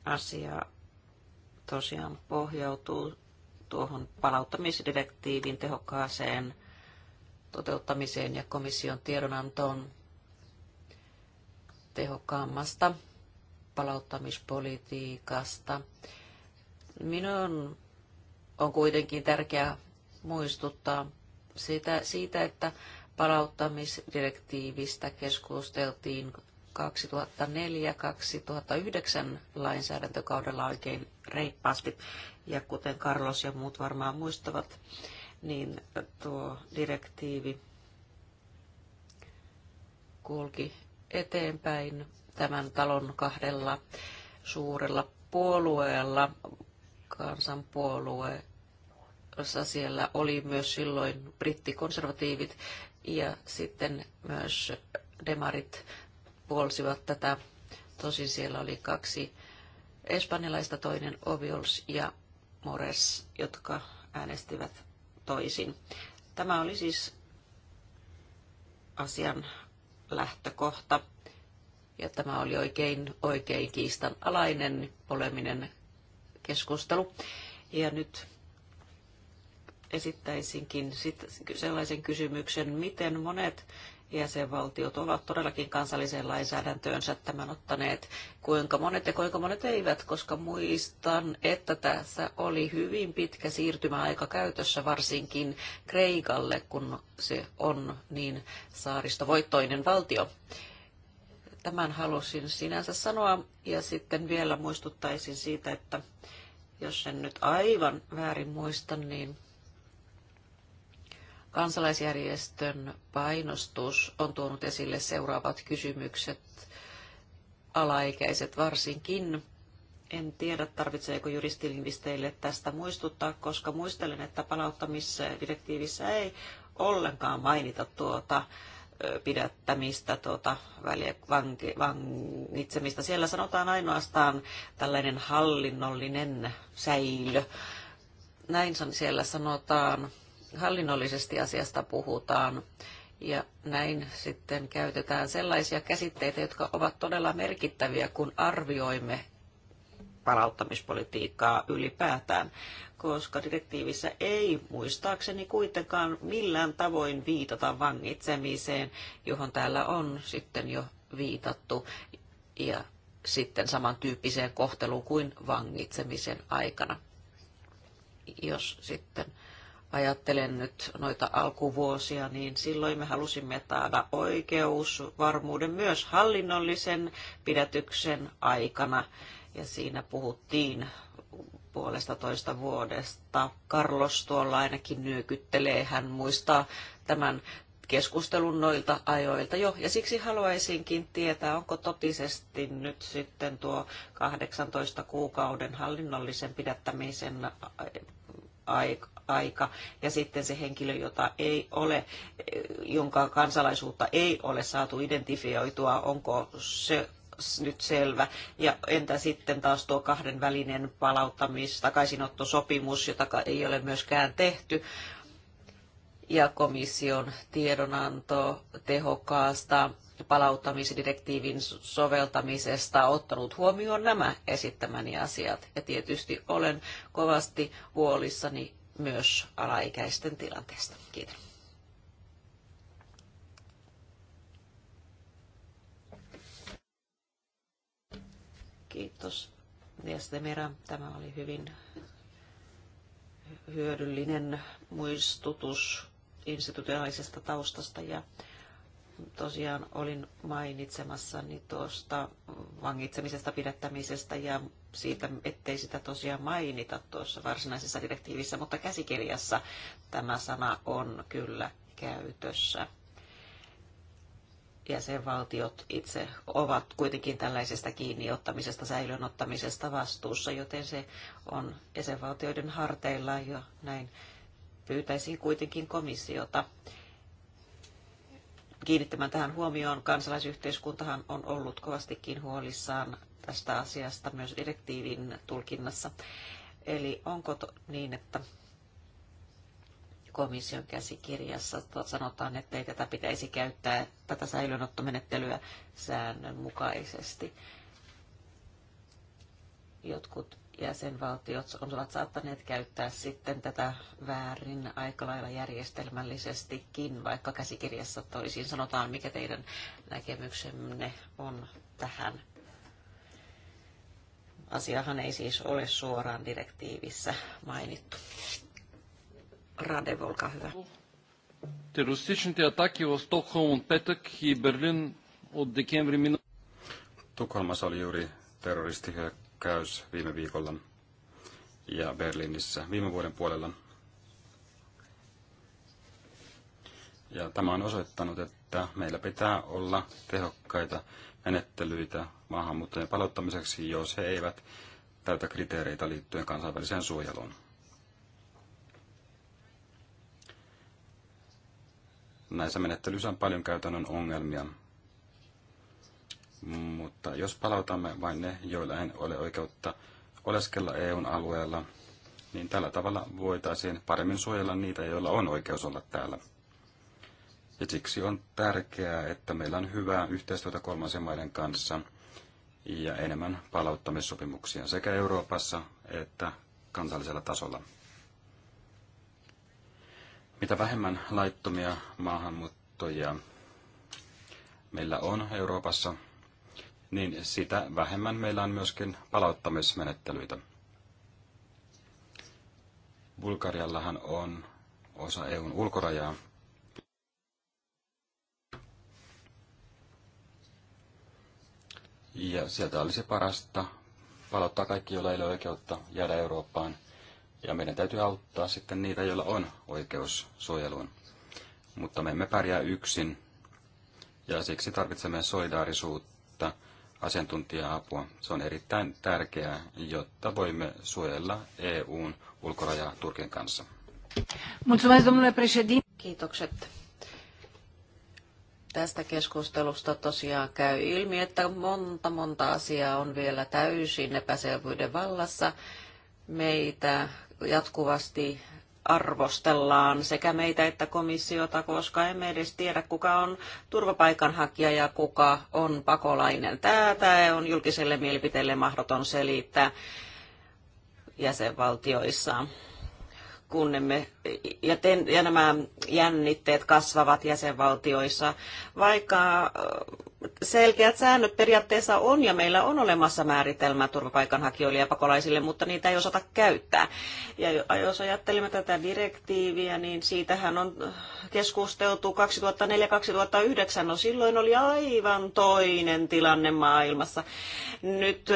asia tosiaan pohjautuu tuohon palauttamisdirektiivin tehokkaaseen toteuttamiseen ja komission tiedonantoon tehokkaammasta palauttamispolitiikasta. Minun on kuitenkin tärkeää muistuttaa sitä, siitä, että palauttamisdirektiivistä keskusteltiin 2004-2009 lainsäädäntökaudella oikein reippaasti. Ja kuten Carlos ja muut varmaan muistavat, niin tuo direktiivi kulki eteenpäin tämän talon kahdella suurella puolueella, kansanpuolueessa siellä oli myös silloin brittikonservatiivit ja sitten myös demarit puolsivat tätä. Tosin siellä oli kaksi espanjalaista, toinen Oviols ja Mores, jotka äänestivät toisin. Tämä oli siis asian lähtökohta. Ja tämä oli oikein, oikein kiistanalainen poleminen keskustelu. Ja nyt esittäisinkin sit sellaisen kysymyksen, miten monet jäsenvaltiot ovat todellakin kansalliseen lainsäädäntöönsä tämän ottaneet, kuinka monet ja kuinka monet eivät, koska muistan, että tässä oli hyvin pitkä siirtymäaika käytössä varsinkin Kreikalle, kun se on niin saaristovoittoinen valtio. Tämän halusin sinänsä sanoa ja sitten vielä muistuttaisin siitä, että jos en nyt aivan väärin muista, niin kansalaisjärjestön painostus on tuonut esille seuraavat kysymykset. Alaikäiset varsinkin. En tiedä, tarvitseeko juristilingvisteille tästä muistuttaa, koska muistelen, että palauttamisdirektiivissä ei ollenkaan mainita tuota pidättämistä, tuota, väliä, vanki, vangitsemista. Siellä sanotaan ainoastaan tällainen hallinnollinen säilö. Näin siellä sanotaan, hallinnollisesti asiasta puhutaan. Ja näin sitten käytetään sellaisia käsitteitä, jotka ovat todella merkittäviä, kun arvioimme palauttamispolitiikkaa ylipäätään, koska direktiivissä ei muistaakseni kuitenkaan millään tavoin viitata vangitsemiseen, johon täällä on sitten jo viitattu. Ja sitten samantyyppiseen kohteluun kuin vangitsemisen aikana. Jos sitten ajattelen nyt noita alkuvuosia, niin silloin me halusimme taada oikeusvarmuuden myös hallinnollisen pidätyksen aikana ja siinä puhuttiin puolesta toista vuodesta. Carlos tuolla ainakin nyökyttelee, hän muistaa tämän keskustelun noilta ajoilta jo. Ja siksi haluaisinkin tietää, onko totisesti nyt sitten tuo 18 kuukauden hallinnollisen pidättämisen aika ja sitten se henkilö, jota ei ole, jonka kansalaisuutta ei ole saatu identifioitua, onko se nyt selvä. Ja entä sitten taas tuo kahden välinen palauttamis, takaisinottosopimus, jota ei ole myöskään tehty ja komission tiedonanto tehokkaasta palauttamisdirektiivin soveltamisesta ottanut huomioon nämä esittämäni asiat. Ja tietysti olen kovasti huolissani myös alaikäisten tilanteesta. Kiitos. Kiitos. Demira. tämä oli hyvin hyödyllinen muistutus institutionaalisesta taustasta ja tosiaan olin mainitsemassani tuosta vangitsemisesta, pidättämisestä ja siitä, ettei sitä tosiaan mainita tuossa varsinaisessa direktiivissä, mutta käsikirjassa tämä sana on kyllä käytössä jäsenvaltiot itse ovat kuitenkin tällaisesta kiinniottamisesta, säilönottamisesta vastuussa, joten se on jäsenvaltioiden harteilla ja näin pyytäisin kuitenkin komissiota kiinnittämään tähän huomioon. Kansalaisyhteiskuntahan on ollut kovastikin huolissaan tästä asiasta myös direktiivin tulkinnassa. Eli onko niin, että komission käsikirjassa sanotaan, että ei tätä pitäisi käyttää tätä säilönottomenettelyä säännönmukaisesti. Jotkut jäsenvaltiot ovat saattaneet käyttää sitten tätä väärin aika lailla järjestelmällisestikin, vaikka käsikirjassa toisiin sanotaan, mikä teidän näkemyksenne on tähän. Asiahan ei siis ole suoraan direktiivissä mainittu. Radev, olkaa hyvä. Terroristичните атаки в Стокхолм от петък и Берлин от декември мина... Tukholmassa oli juuri terroristihyökkäys viime viikolla ja Berliinissä viime vuoden puolella. Ja tämä on osoittanut, että meillä pitää olla tehokkaita menettelyitä maahanmuuttajien palauttamiseksi, jos he eivät täytä kriteereitä liittyen kansainväliseen suojeluun. näissä menettelyissä on paljon käytännön ongelmia. Mutta jos palautamme vain ne, joilla ei ole oikeutta oleskella EUn alueella, niin tällä tavalla voitaisiin paremmin suojella niitä, joilla on oikeus olla täällä. Ja siksi on tärkeää, että meillä on hyvää yhteistyötä kolmansien maiden kanssa ja enemmän palauttamissopimuksia sekä Euroopassa että kansallisella tasolla. Mitä vähemmän laittomia maahanmuuttoja meillä on Euroopassa, niin sitä vähemmän meillä on myöskin palauttamismenettelyitä. Bulgariallahan on osa EUn ulkorajaa. Ja sieltä olisi parasta palauttaa kaikki, joilla ei ole oikeutta jäädä Eurooppaan – ja meidän täytyy auttaa sitten niitä, joilla on oikeus suojeluun. Mutta me emme pärjää yksin, ja siksi tarvitsemme solidaarisuutta, asiantuntija-apua. Se on erittäin tärkeää, jotta voimme suojella EUn ulkorajaa Turkin kanssa. Kiitokset tästä keskustelusta tosiaan käy ilmi, että monta monta asiaa on vielä täysin epäselvyyden vallassa meitä jatkuvasti arvostellaan sekä meitä että komissiota, koska emme edes tiedä, kuka on turvapaikanhakija ja kuka on pakolainen. Tätä on julkiselle mielipiteelle mahdoton selittää jäsenvaltioissa. Kun emme, ja, ten, ja nämä jännitteet kasvavat jäsenvaltioissa, vaikka selkeät säännöt periaatteessa on ja meillä on olemassa määritelmä turvapaikanhakijoille ja pakolaisille, mutta niitä ei osata käyttää. Ja jos ajattelemme tätä direktiiviä, niin siitähän on keskusteltu 2004-2009. No silloin oli aivan toinen tilanne maailmassa. Nyt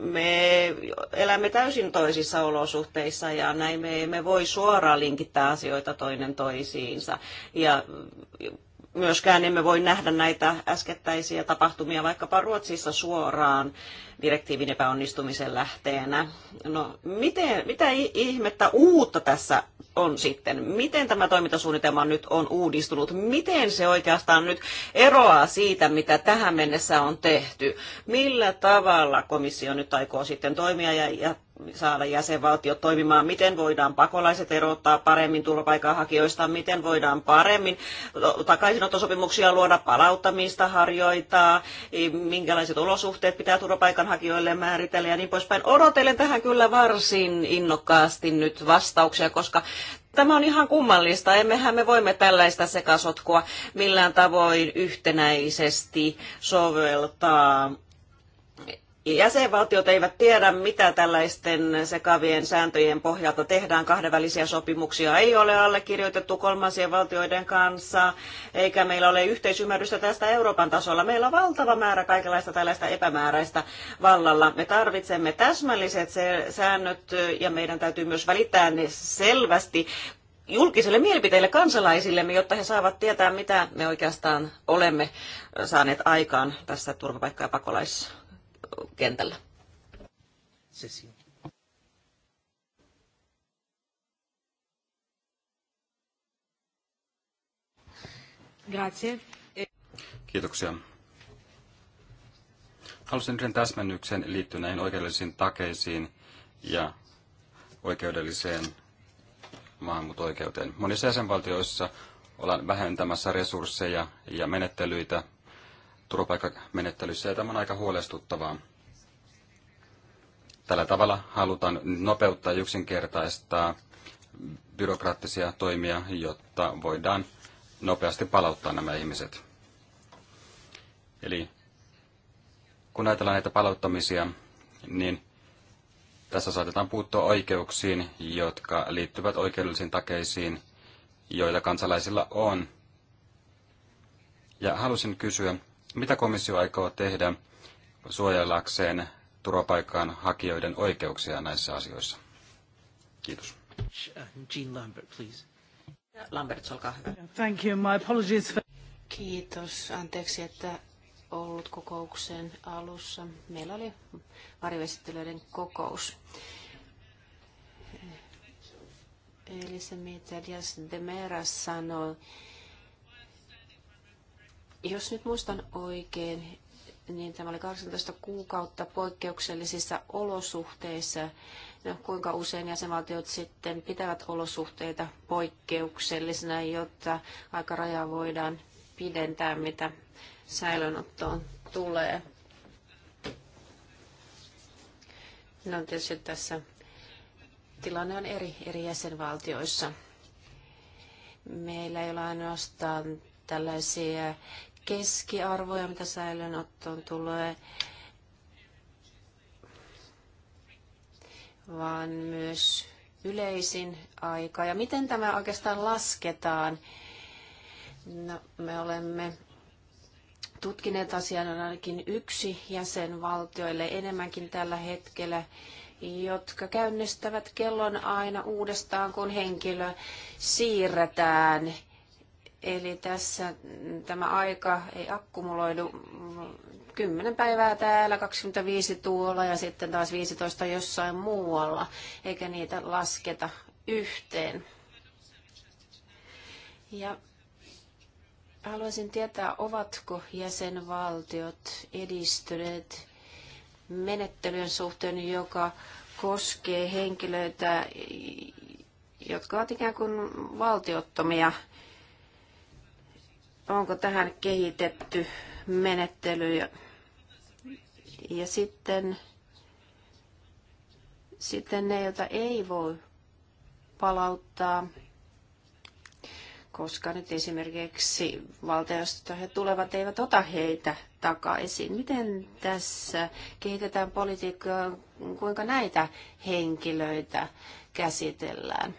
me elämme täysin toisissa olosuhteissa ja näin me emme voi suoraan linkittää asioita toinen toisiinsa. Ja myöskään emme voi nähdä näitä äskettäisiä tapahtumia vaikkapa Ruotsissa suoraan direktiivin epäonnistumisen lähteenä. No, miten, mitä ihmettä uutta tässä on sitten? Miten tämä toimintasuunnitelma nyt on uudistunut? Miten se oikeastaan nyt eroaa siitä, mitä tähän mennessä on tehty? Millä tavalla komissio nyt aikoo sitten toimia ja, ja saada jäsenvaltiot toimimaan, miten voidaan pakolaiset erottaa paremmin turvapaikanhakijoista, miten voidaan paremmin takaisinottosopimuksia luoda, palauttamista harjoittaa, minkälaiset olosuhteet pitää turvapaikanhakijoille määritellä ja niin poispäin. Odotelen tähän kyllä varsin innokkaasti nyt vastauksia, koska Tämä on ihan kummallista. Emmehän me voimme tällaista sekasotkua millään tavoin yhtenäisesti soveltaa jäsenvaltiot eivät tiedä, mitä tällaisten sekavien sääntöjen pohjalta tehdään. Kahdenvälisiä sopimuksia ei ole allekirjoitettu kolmansien valtioiden kanssa, eikä meillä ole yhteisymmärrystä tästä Euroopan tasolla. Meillä on valtava määrä kaikenlaista tällaista epämääräistä vallalla. Me tarvitsemme täsmälliset säännöt ja meidän täytyy myös välittää ne selvästi julkiselle mielipiteelle kansalaisillemme, jotta he saavat tietää, mitä me oikeastaan olemme saaneet aikaan tässä turvapaikka- ja pakolaisasiassa kentällä. Session. Kiitoksia. Halusin yhden täsmennyksen liittyen näihin oikeudellisiin takeisiin ja oikeudelliseen maahanmuutto-oikeuteen. Monissa jäsenvaltioissa ollaan vähentämässä resursseja ja menettelyitä turvapaikkamenettelyissä, ja tämä on aika huolestuttavaa. Tällä tavalla halutaan nopeuttaa ja yksinkertaistaa byrokraattisia toimia, jotta voidaan nopeasti palauttaa nämä ihmiset. Eli kun ajatellaan näitä palauttamisia, niin tässä saatetaan puuttua oikeuksiin, jotka liittyvät oikeudellisiin takeisiin, joita kansalaisilla on. Ja halusin kysyä, mitä komissio aikoo tehdä suojellakseen turvapaikan hakijoiden oikeuksia näissä asioissa. Kiitos. Jean Lambert, please. Lambert, olkaa hyvä. Thank you. My apologies for... Kiitos. Anteeksi, että ollut kokouksen alussa. Meillä oli varjoesittelyiden kokous. Eli se, mitä Dias de Meras sanoi, jos nyt muistan oikein, niin tämä oli 18 kuukautta poikkeuksellisissa olosuhteissa. No, kuinka usein jäsenvaltiot sitten pitävät olosuhteita poikkeuksellisina, jotta aikaraja voidaan pidentää, mitä säilönottoon tulee. No tietysti tässä tilanne on eri, eri jäsenvaltioissa. Meillä ei ole ainoastaan tällaisia keskiarvoja, mitä säilönottoon tulee, vaan myös yleisin aika. Ja miten tämä oikeastaan lasketaan? No, me olemme tutkineet asian on ainakin yksi jäsenvaltioille enemmänkin tällä hetkellä, jotka käynnistävät kellon aina uudestaan, kun henkilö siirretään Eli tässä tämä aika ei akkumuloidu 10 päivää täällä, 25 tuolla ja sitten taas 15 jossain muualla, eikä niitä lasketa yhteen. Ja haluaisin tietää, ovatko jäsenvaltiot edistyneet menettelyn suhteen, joka koskee henkilöitä, jotka ovat ikään kuin valtiottomia onko tähän kehitetty menettelyjä. Ja sitten, sitten ne, joita ei voi palauttaa, koska nyt esimerkiksi valtiosta he tulevat eivät ota heitä takaisin. Miten tässä kehitetään politiikkaa, kuinka näitä henkilöitä käsitellään?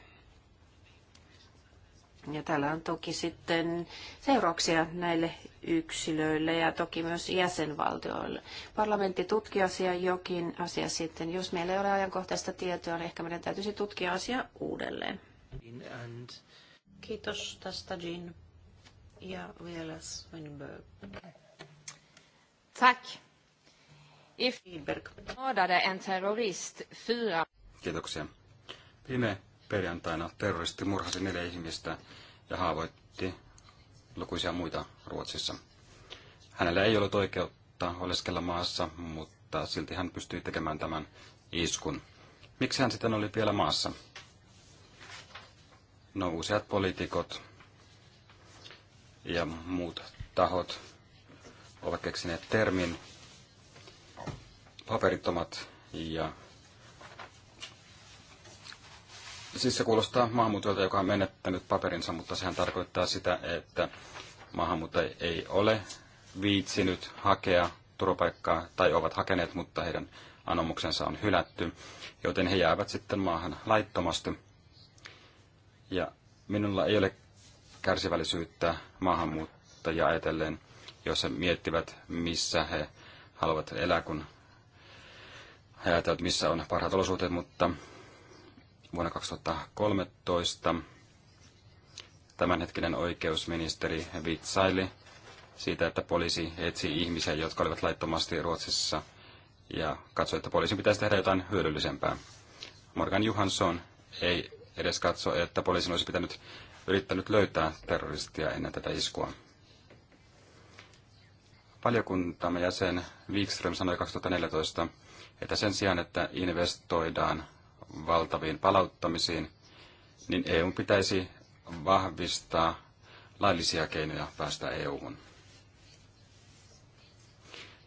Ja tällä on toki sitten seurauksia näille yksilöille ja toki myös jäsenvaltioille. Parlamentti tutki asia jokin asia sitten. Jos meillä ei ole ajankohtaista tietoa, niin ehkä meidän täytyisi tutkia asia uudelleen. Kiitos tästä, Jean. Ja vielä Swinberg. Tack. If mördade en terrorist fyra... Kiitoksia. Viime perjantaina terroristi murhasi neljä ihmistä ja haavoitti lukuisia muita Ruotsissa. Hänellä ei ollut oikeutta oleskella maassa, mutta silti hän pystyi tekemään tämän iskun. Miksi hän sitten oli vielä maassa? No useat poliitikot ja muut tahot ovat keksineet termin paperittomat ja Siis se kuulostaa maahanmuuttajalta, joka on menettänyt paperinsa, mutta sehän tarkoittaa sitä, että maahanmuuttaja ei ole viitsinyt hakea turvapaikkaa tai ovat hakeneet, mutta heidän anomuksensa on hylätty, joten he jäävät sitten maahan laittomasti. Ja minulla ei ole kärsivällisyyttä maahanmuuttajia ajatellen, jos he miettivät, missä he haluavat elää, kun he ajatellaan, missä on parhaat olosuhteet, mutta vuonna 2013 tämänhetkinen oikeusministeri vitsaili siitä, että poliisi etsi ihmisiä, jotka olivat laittomasti Ruotsissa ja katsoi, että poliisin pitäisi tehdä jotain hyödyllisempää. Morgan Johansson ei edes katso, että poliisin olisi pitänyt yrittänyt löytää terroristia ennen tätä iskua. Valiokuntamme jäsen Wikström sanoi 2014, että sen sijaan, että investoidaan valtaviin palauttamisiin, niin EU pitäisi vahvistaa laillisia keinoja päästä eu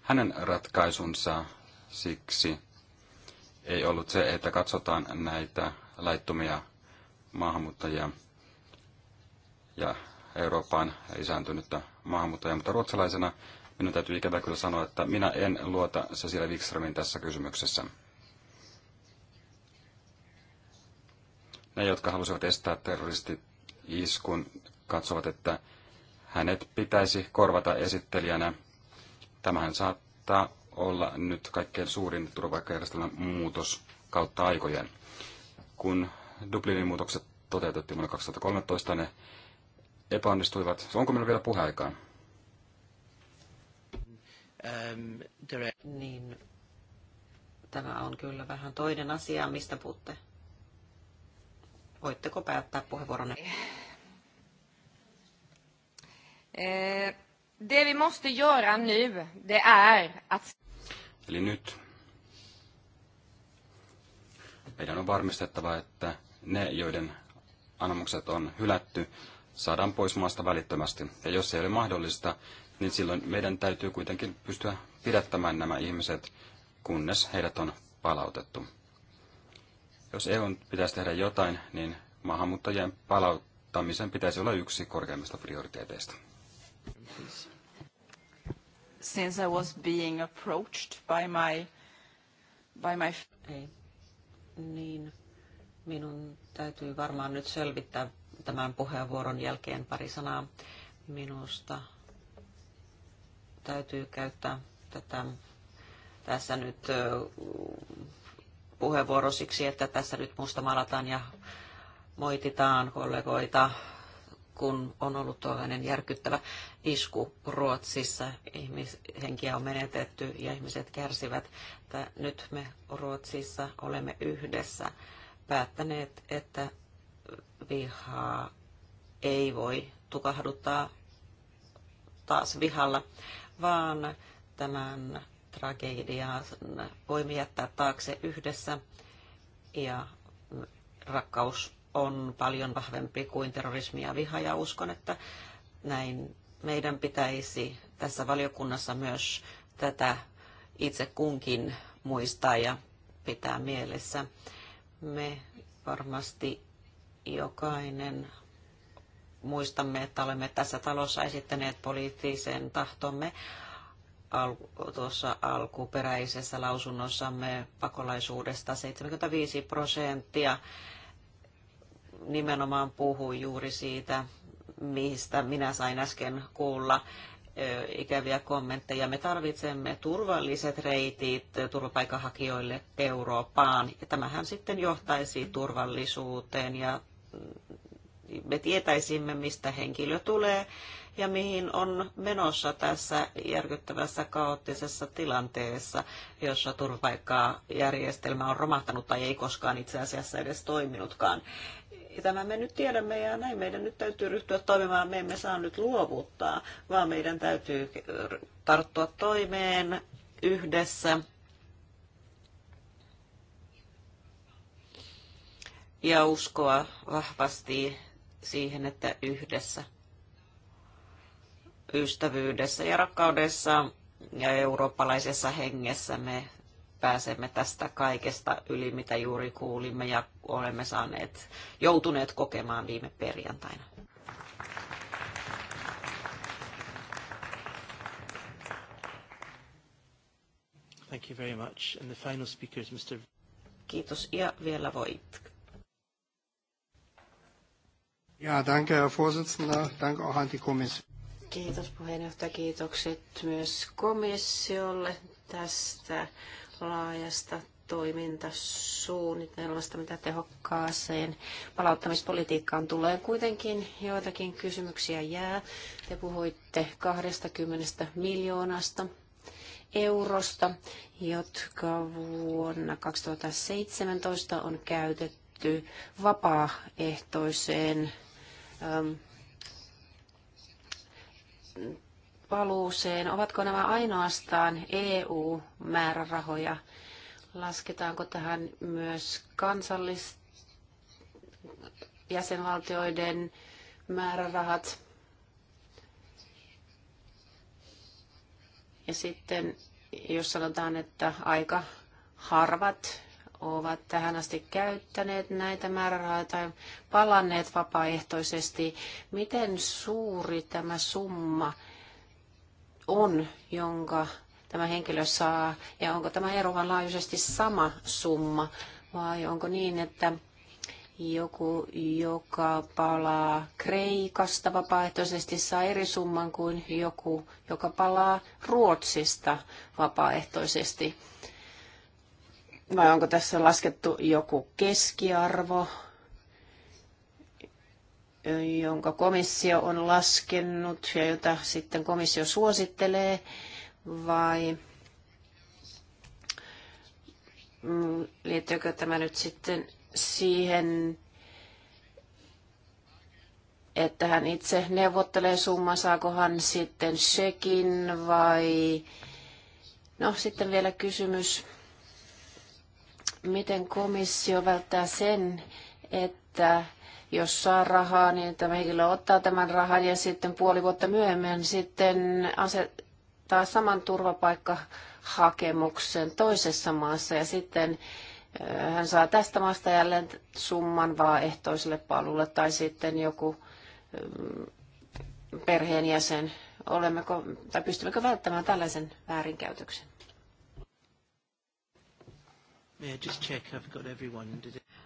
Hänen ratkaisunsa siksi ei ollut se, että katsotaan näitä laittomia maahanmuuttajia ja Eurooppaan lisääntynyttä maahanmuuttajia, mutta ruotsalaisena minun täytyy ikävä kyllä sanoa, että minä en luota Cecilia Wikströmin tässä kysymyksessä. Ne, jotka halusivat estää terroristi-iskun, katsovat, että hänet pitäisi korvata esittelijänä. Tämähän saattaa olla nyt kaikkein suurin turvapaikkajärjestelmän muutos kautta aikojen. Kun Dublinin muutokset toteutettiin vuonna 2013, ne epäonnistuivat. Onko meillä vielä puheaikaa? Ähm, niin, tämä on kyllä vähän toinen asia, mistä puhutte. Voitteko päättää puheenvuoronne? Eh, det vi måste göra nu, det är att... Eli nyt meidän on varmistettava, että ne, joiden anomukset on hylätty, saadaan pois maasta välittömästi. Ja jos se ei ole mahdollista, niin silloin meidän täytyy kuitenkin pystyä pidättämään nämä ihmiset, kunnes heidät on palautettu. Jos EU pitäisi tehdä jotain, niin maahanmuuttajien palauttamisen pitäisi olla yksi korkeimmista prioriteeteista. Since I was being approached by my, by my... Ei. Niin. Minun täytyy varmaan nyt selvittää tämän puheenvuoron jälkeen pari sanaa. Minusta täytyy käyttää tätä tässä nyt puheenvuoro siksi, että tässä nyt mustamaalataan ja moititaan kollegoita, kun on ollut tuollainen järkyttävä isku Ruotsissa. Ihmishenkiä on menetetty ja ihmiset kärsivät. Nyt me Ruotsissa olemme yhdessä päättäneet, että vihaa ei voi tukahduttaa taas vihalla, vaan tämän tragediaa voimme jättää taakse yhdessä ja rakkaus on paljon vahvempi kuin terrorismi ja viha ja uskon, että näin meidän pitäisi tässä valiokunnassa myös tätä itse kunkin muistaa ja pitää mielessä. Me varmasti jokainen muistamme, että olemme tässä talossa esittäneet poliittisen tahtomme alku tuossa alkuperäisessä lausunnossamme pakolaisuudesta 75 prosenttia nimenomaan puhui juuri siitä, mistä minä sain äsken kuulla ikäviä kommentteja. Me tarvitsemme turvalliset reitit turvapaikanhakijoille Eurooppaan. Ja tämähän sitten johtaisi turvallisuuteen ja me tietäisimme, mistä henkilö tulee ja mihin on menossa tässä järkyttävässä kaoottisessa tilanteessa, jossa turvapaikkajärjestelmä on romahtanut tai ei koskaan itse asiassa edes toiminutkaan. Tämä me nyt tiedämme ja näin meidän nyt täytyy ryhtyä toimimaan. Me emme saa nyt luovuttaa, vaan meidän täytyy tarttua toimeen yhdessä ja uskoa vahvasti siihen, että yhdessä ystävyydessä ja rakkaudessa ja eurooppalaisessa hengessä me pääsemme tästä kaikesta yli, mitä juuri kuulimme ja olemme saaneet, joutuneet kokemaan viime perjantaina. Thank you very much. And the final speaker is Mr. Kiitos ja vielä voit. Ja, danke, Herr Vorsitzender. Danke auch an die Kommission. Kiitos puheenjohtaja, kiitokset myös komissiolle tästä laajasta toimintasuunnitelmasta, mitä tehokkaaseen palauttamispolitiikkaan tulee. Kuitenkin joitakin kysymyksiä jää. Te puhuitte 20 miljoonasta eurosta, jotka vuonna 2017 on käytetty vapaaehtoiseen ähm, paluuseen, ovatko nämä ainoastaan EU-määrärahoja? Lasketaanko tähän myös kansallisten jäsenvaltioiden määrärahat? Ja sitten, jos sanotaan, että aika harvat ovat tähän asti käyttäneet näitä määrärahoja tai palanneet vapaaehtoisesti. Miten suuri tämä summa on, jonka tämä henkilö saa, ja onko tämä Euroopan laajuisesti sama summa, vai onko niin, että joku, joka palaa Kreikasta vapaaehtoisesti, saa eri summan kuin joku, joka palaa Ruotsista vapaaehtoisesti vai onko tässä laskettu joku keskiarvo, jonka komissio on laskenut ja jota sitten komissio suosittelee, vai mm, liittyykö tämä nyt sitten siihen, että hän itse neuvottelee summan, saako hän sitten sekin vai... No sitten vielä kysymys miten komissio välttää sen, että jos saa rahaa, niin tämä henkilö ottaa tämän rahan ja sitten puoli vuotta myöhemmin sitten asettaa saman turvapaikkahakemuksen toisessa maassa ja sitten hän saa tästä maasta jälleen summan ehtoiselle paluulle tai sitten joku perheenjäsen. Olemmeko, tai pystymmekö välttämään tällaisen väärinkäytöksen?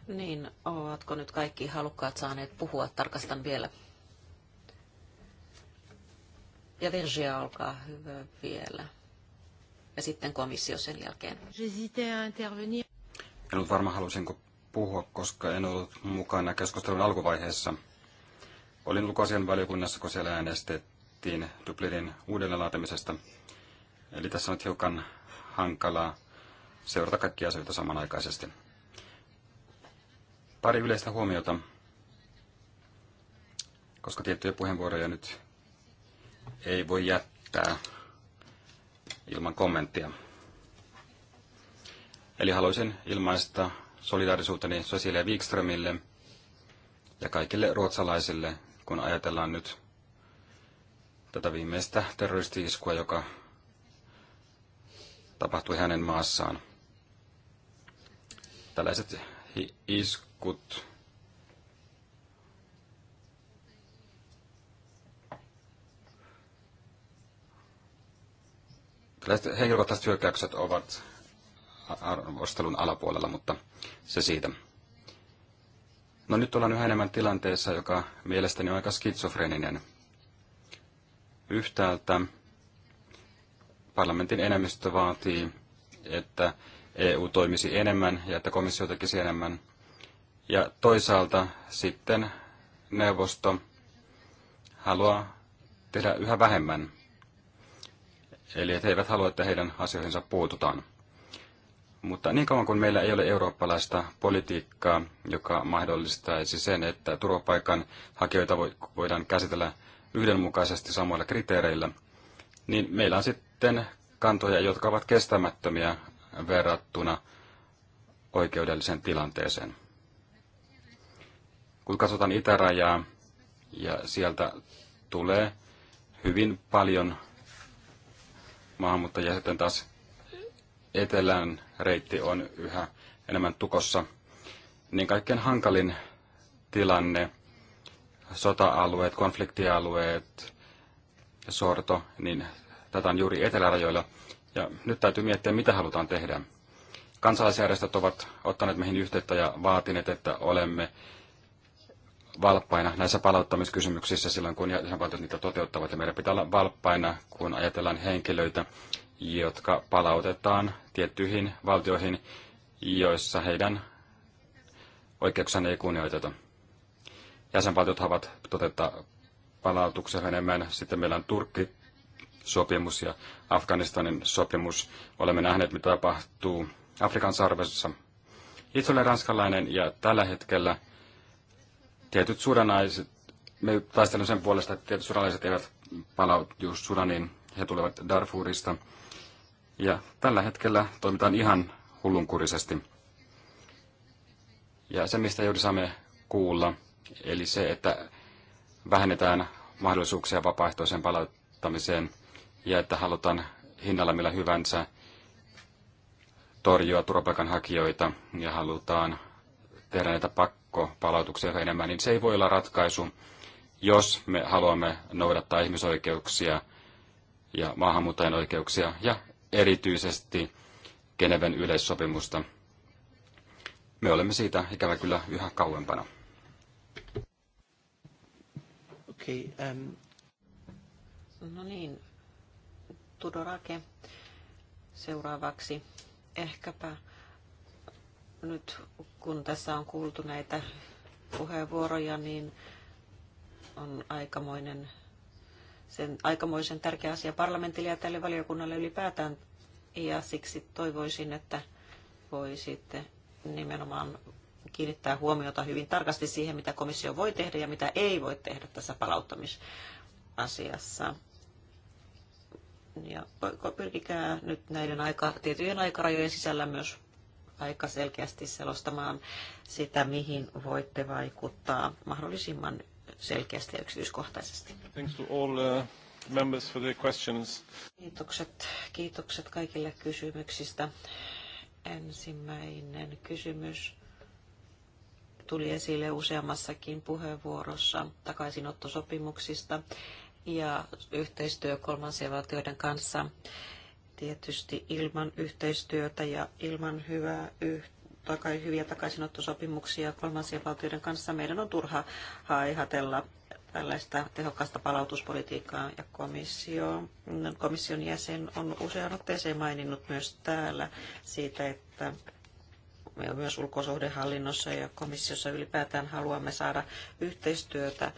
Niin, ovatko nyt kaikki halukkaat saaneet puhua? Tarkastan vielä. Ja Virgia, olkaa hyvä vielä. Ja sitten komissio sen jälkeen. En ollut varma, halusinko puhua, koska en ollut mukana keskustelun alkuvaiheessa. Olin lukoisen valiokunnassa, kun siellä äänestettiin Dublinin uudelleenlaatimisesta. Eli tässä on hiukan hankalaa seurata kaikkia asioita samanaikaisesti. Pari yleistä huomiota, koska tiettyjä puheenvuoroja nyt ei voi jättää ilman kommenttia. Eli haluaisin ilmaista solidaarisuuteni Cecilia Wikströmille ja kaikille ruotsalaisille, kun ajatellaan nyt tätä viimeistä terroristi-iskua, joka tapahtui hänen maassaan. Tällaiset iskut Tällaiset henkilökohtaiset hyökkäykset ovat arvostelun alapuolella, mutta se siitä. No nyt ollaan yhä enemmän tilanteessa, joka mielestäni on aika skitsofreninen. Yhtäältä parlamentin enemmistö vaatii, että EU toimisi enemmän ja että komissio tekisi enemmän. Ja toisaalta sitten neuvosto haluaa tehdä yhä vähemmän. Eli että he eivät halua, että heidän asioihinsa puututaan. Mutta niin kauan kuin meillä ei ole eurooppalaista politiikkaa, joka mahdollistaisi sen, että turvapaikan hakijoita voidaan käsitellä yhdenmukaisesti samoilla kriteereillä, niin meillä on sitten kantoja, jotka ovat kestämättömiä verrattuna oikeudelliseen tilanteeseen. Kun katsotaan itärajaa ja sieltä tulee hyvin paljon maahanmuuttajia, sitten taas etelän reitti on yhä enemmän tukossa, niin kaikkein hankalin tilanne, sota-alueet, konfliktialueet, sorto, niin tätä on juuri etelärajoilla – ja nyt täytyy miettiä, mitä halutaan tehdä. Kansalaisjärjestöt ovat ottaneet meihin yhteyttä ja vaatineet, että olemme valppaina näissä palauttamiskysymyksissä silloin, kun jäsenvaltiot niitä toteuttavat. Ja meidän pitää olla valppaina, kun ajatellaan henkilöitä, jotka palautetaan tiettyihin valtioihin, joissa heidän oikeuksiaan ei kunnioiteta. Jäsenvaltiot ovat toteuttaa palautuksia enemmän. Sitten meillä on Turkki sopimus ja Afganistanin sopimus. Olemme nähneet, mitä tapahtuu Afrikan sarvessa. Itse olen ranskalainen ja tällä hetkellä tietyt sudanaiset, me taistelemme sen puolesta, että tietyt sudanaiset eivät palautu Sudaniin, he tulevat Darfurista. Ja tällä hetkellä toimitaan ihan hullunkurisesti. Ja se, mistä juuri saamme kuulla, eli se, että vähennetään mahdollisuuksia vapaaehtoiseen palauttamiseen – ja että halutaan hinnalla millä hyvänsä torjua turvapaikanhakijoita ja halutaan tehdä näitä pakkopalautuksia enemmän, niin se ei voi olla ratkaisu, jos me haluamme noudattaa ihmisoikeuksia ja maahanmuuttajien oikeuksia ja erityisesti Geneven yleissopimusta. Me olemme siitä ikävä kyllä yhä kauempana. Okay, um... No niin, Tudorake seuraavaksi. Ehkäpä nyt kun tässä on kuultu näitä puheenvuoroja, niin on aikamoinen, sen aikamoisen tärkeä asia parlamentille ja tälle valiokunnalle ylipäätään. Ja siksi toivoisin, että voisitte nimenomaan kiinnittää huomiota hyvin tarkasti siihen, mitä komissio voi tehdä ja mitä ei voi tehdä tässä palauttamisasiassa. Ja pyrkikää nyt näiden aika, tietyjen aikarajojen sisällä myös aika selkeästi selostamaan sitä, mihin voitte vaikuttaa mahdollisimman selkeästi ja yksityiskohtaisesti. Uh, kiitokset, kiitokset kaikille kysymyksistä. Ensimmäinen kysymys tuli esille useammassakin puheenvuorossa takaisinottosopimuksista ja yhteistyö kolmansien valtioiden kanssa. Tietysti ilman yhteistyötä ja ilman hyvää yhteistyötä takai, hyviä takaisinottosopimuksia kolmansien valtioiden kanssa. Meidän on turha haihatella tällaista tehokasta palautuspolitiikkaa ja komissio, komission jäsen on usean otteeseen maininnut myös täällä siitä, että me myös ulkosuhdehallinnossa ja komissiossa ylipäätään haluamme saada yhteistyötä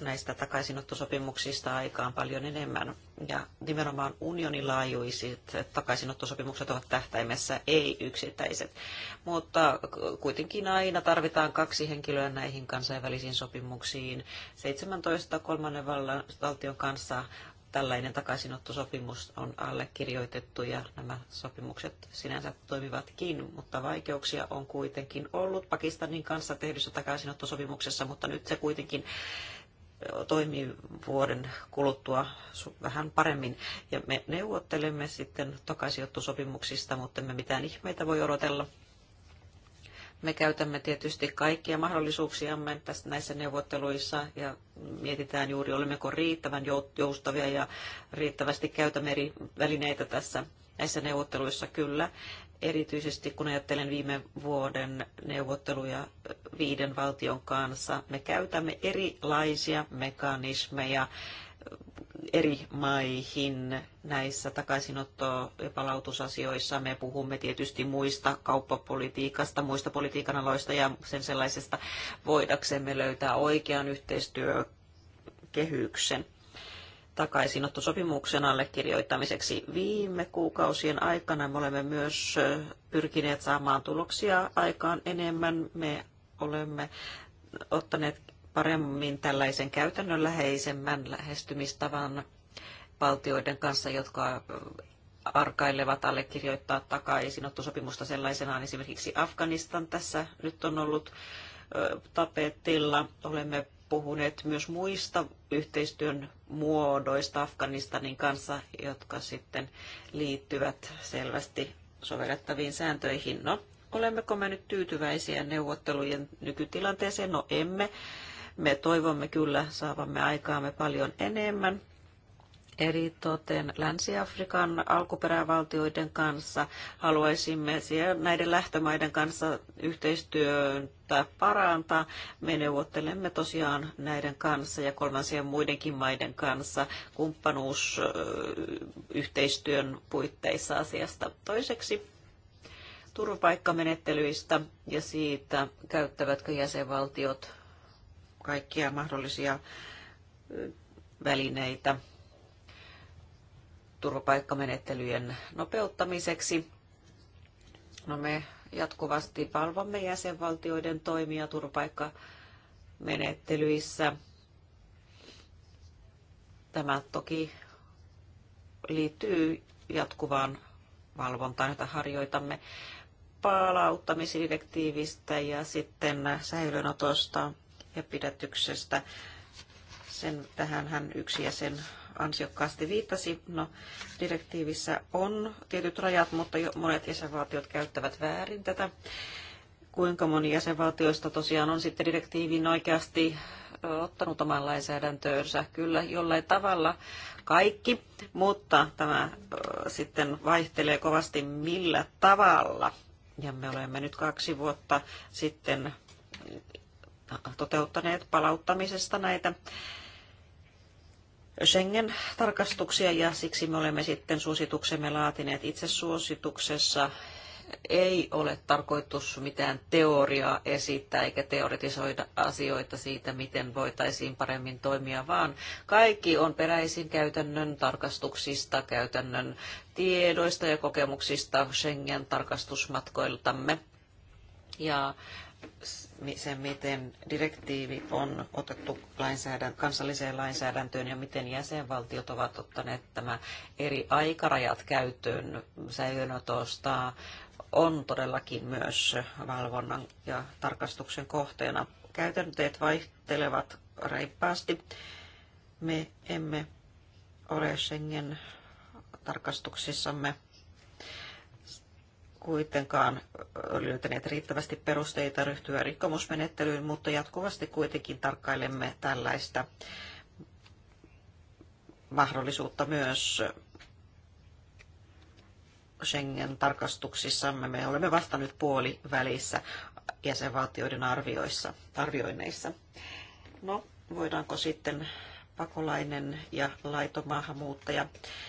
näistä takaisinottosopimuksista aikaan paljon enemmän. Ja nimenomaan unionin laajuiset takaisinottosopimukset ovat tähtäimessä, ei yksittäiset. Mutta kuitenkin aina tarvitaan kaksi henkilöä näihin kansainvälisiin sopimuksiin. 17 kolmannen valtion kanssa tällainen takaisinottosopimus on allekirjoitettu ja nämä sopimukset sinänsä toimivatkin, mutta vaikeuksia on kuitenkin ollut Pakistanin kanssa tehdyssä takaisinottosopimuksessa, mutta nyt se kuitenkin toimii vuoden kuluttua vähän paremmin. Ja me neuvottelemme sitten takaisijottosopimuksista, mutta emme mitään ihmeitä voi odotella. Me käytämme tietysti kaikkia mahdollisuuksiamme tässä näissä neuvotteluissa ja mietitään juuri, olemmeko riittävän joustavia ja riittävästi käytämme eri välineitä tässä näissä neuvotteluissa kyllä erityisesti kun ajattelen viime vuoden neuvotteluja viiden valtion kanssa, me käytämme erilaisia mekanismeja eri maihin näissä takaisinotto- ja palautusasioissa. Me puhumme tietysti muista kauppapolitiikasta, muista politiikan aloista ja sen sellaisesta voidaksemme löytää oikean yhteistyökehyksen takaisinottosopimuksen allekirjoittamiseksi. Viime kuukausien aikana me olemme myös pyrkineet saamaan tuloksia aikaan enemmän. Me olemme ottaneet paremmin tällaisen käytännönläheisemmän lähestymistavan valtioiden kanssa, jotka arkailevat allekirjoittaa takaisinottosopimusta sellaisenaan. Esimerkiksi Afganistan tässä nyt on ollut tapetilla. Olemme puhuneet myös muista yhteistyön muodoista Afganistanin kanssa, jotka sitten liittyvät selvästi sovellettaviin sääntöihin. No, olemmeko me nyt tyytyväisiä neuvottelujen nykytilanteeseen? No emme. Me toivomme kyllä saavamme aikaamme paljon enemmän. Eri toten Länsi-Afrikan alkuperävaltioiden kanssa haluaisimme siellä näiden lähtömaiden kanssa yhteistyön yrittää parantaa. Me neuvottelemme tosiaan näiden kanssa ja kolmansien muidenkin maiden kanssa kumppanuusyhteistyön puitteissa asiasta. Toiseksi turvapaikkamenettelyistä ja siitä, käyttävätkö jäsenvaltiot kaikkia mahdollisia välineitä turvapaikkamenettelyjen nopeuttamiseksi. No me jatkuvasti valvomme jäsenvaltioiden toimia turvapaikkamenettelyissä. Tämä toki liittyy jatkuvaan valvontaan, jota harjoitamme palauttamisdirektiivistä ja sitten säilönotosta ja pidätyksestä. Sen, tähän hän yksi jäsen ansiokkaasti viittasi. No, direktiivissä on tietyt rajat, mutta monet jäsenvaltiot käyttävät väärin tätä. Kuinka moni jäsenvaltioista tosiaan on sitten direktiivin oikeasti ottanut oman lainsäädäntöönsä? Kyllä jollain tavalla kaikki, mutta tämä sitten vaihtelee kovasti millä tavalla. Ja me olemme nyt kaksi vuotta sitten toteuttaneet palauttamisesta näitä Schengen-tarkastuksia ja siksi me olemme sitten suosituksemme laatineet itse suosituksessa ei ole tarkoitus mitään teoriaa esittää eikä teoretisoida asioita siitä, miten voitaisiin paremmin toimia, vaan kaikki on peräisin käytännön tarkastuksista, käytännön tiedoista ja kokemuksista Schengen-tarkastusmatkoiltamme. Ja sen, miten direktiivi on otettu lainsäädän, kansalliseen lainsäädäntöön ja miten jäsenvaltiot ovat ottaneet tämä eri aikarajat käyttöön säilönotosta, on todellakin myös valvonnan ja tarkastuksen kohteena. Käytänteet vaihtelevat reippaasti. Me emme ole Schengen tarkastuksissamme kuitenkaan löytäneet riittävästi perusteita ryhtyä rikkomusmenettelyyn, mutta jatkuvasti kuitenkin tarkkailemme tällaista mahdollisuutta myös Schengen-tarkastuksissamme. Me olemme vasta nyt välissä jäsenvaltioiden arvioissa, arvioinneissa. No, voidaanko sitten pakolainen ja laitomaahanmuuttaja maahanmuuttaja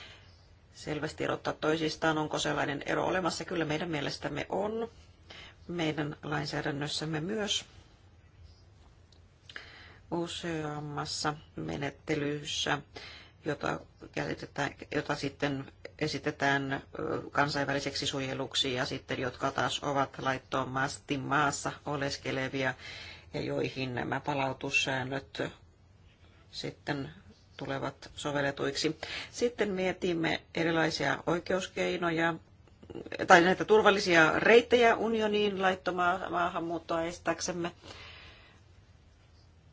selvästi erottaa toisistaan. Onko sellainen ero olemassa? Kyllä meidän mielestämme on. Meidän lainsäädännössämme myös useammassa menettelyssä, jota, käsitetään, jota sitten esitetään kansainväliseksi suojeluksi ja sitten jotka taas ovat laittomasti maassa oleskelevia ja joihin nämä palautussäännöt sitten tulevat sovelletuiksi. Sitten mietimme erilaisia oikeuskeinoja tai näitä turvallisia reittejä unioniin laittomaa maahanmuuttoa estäksemme.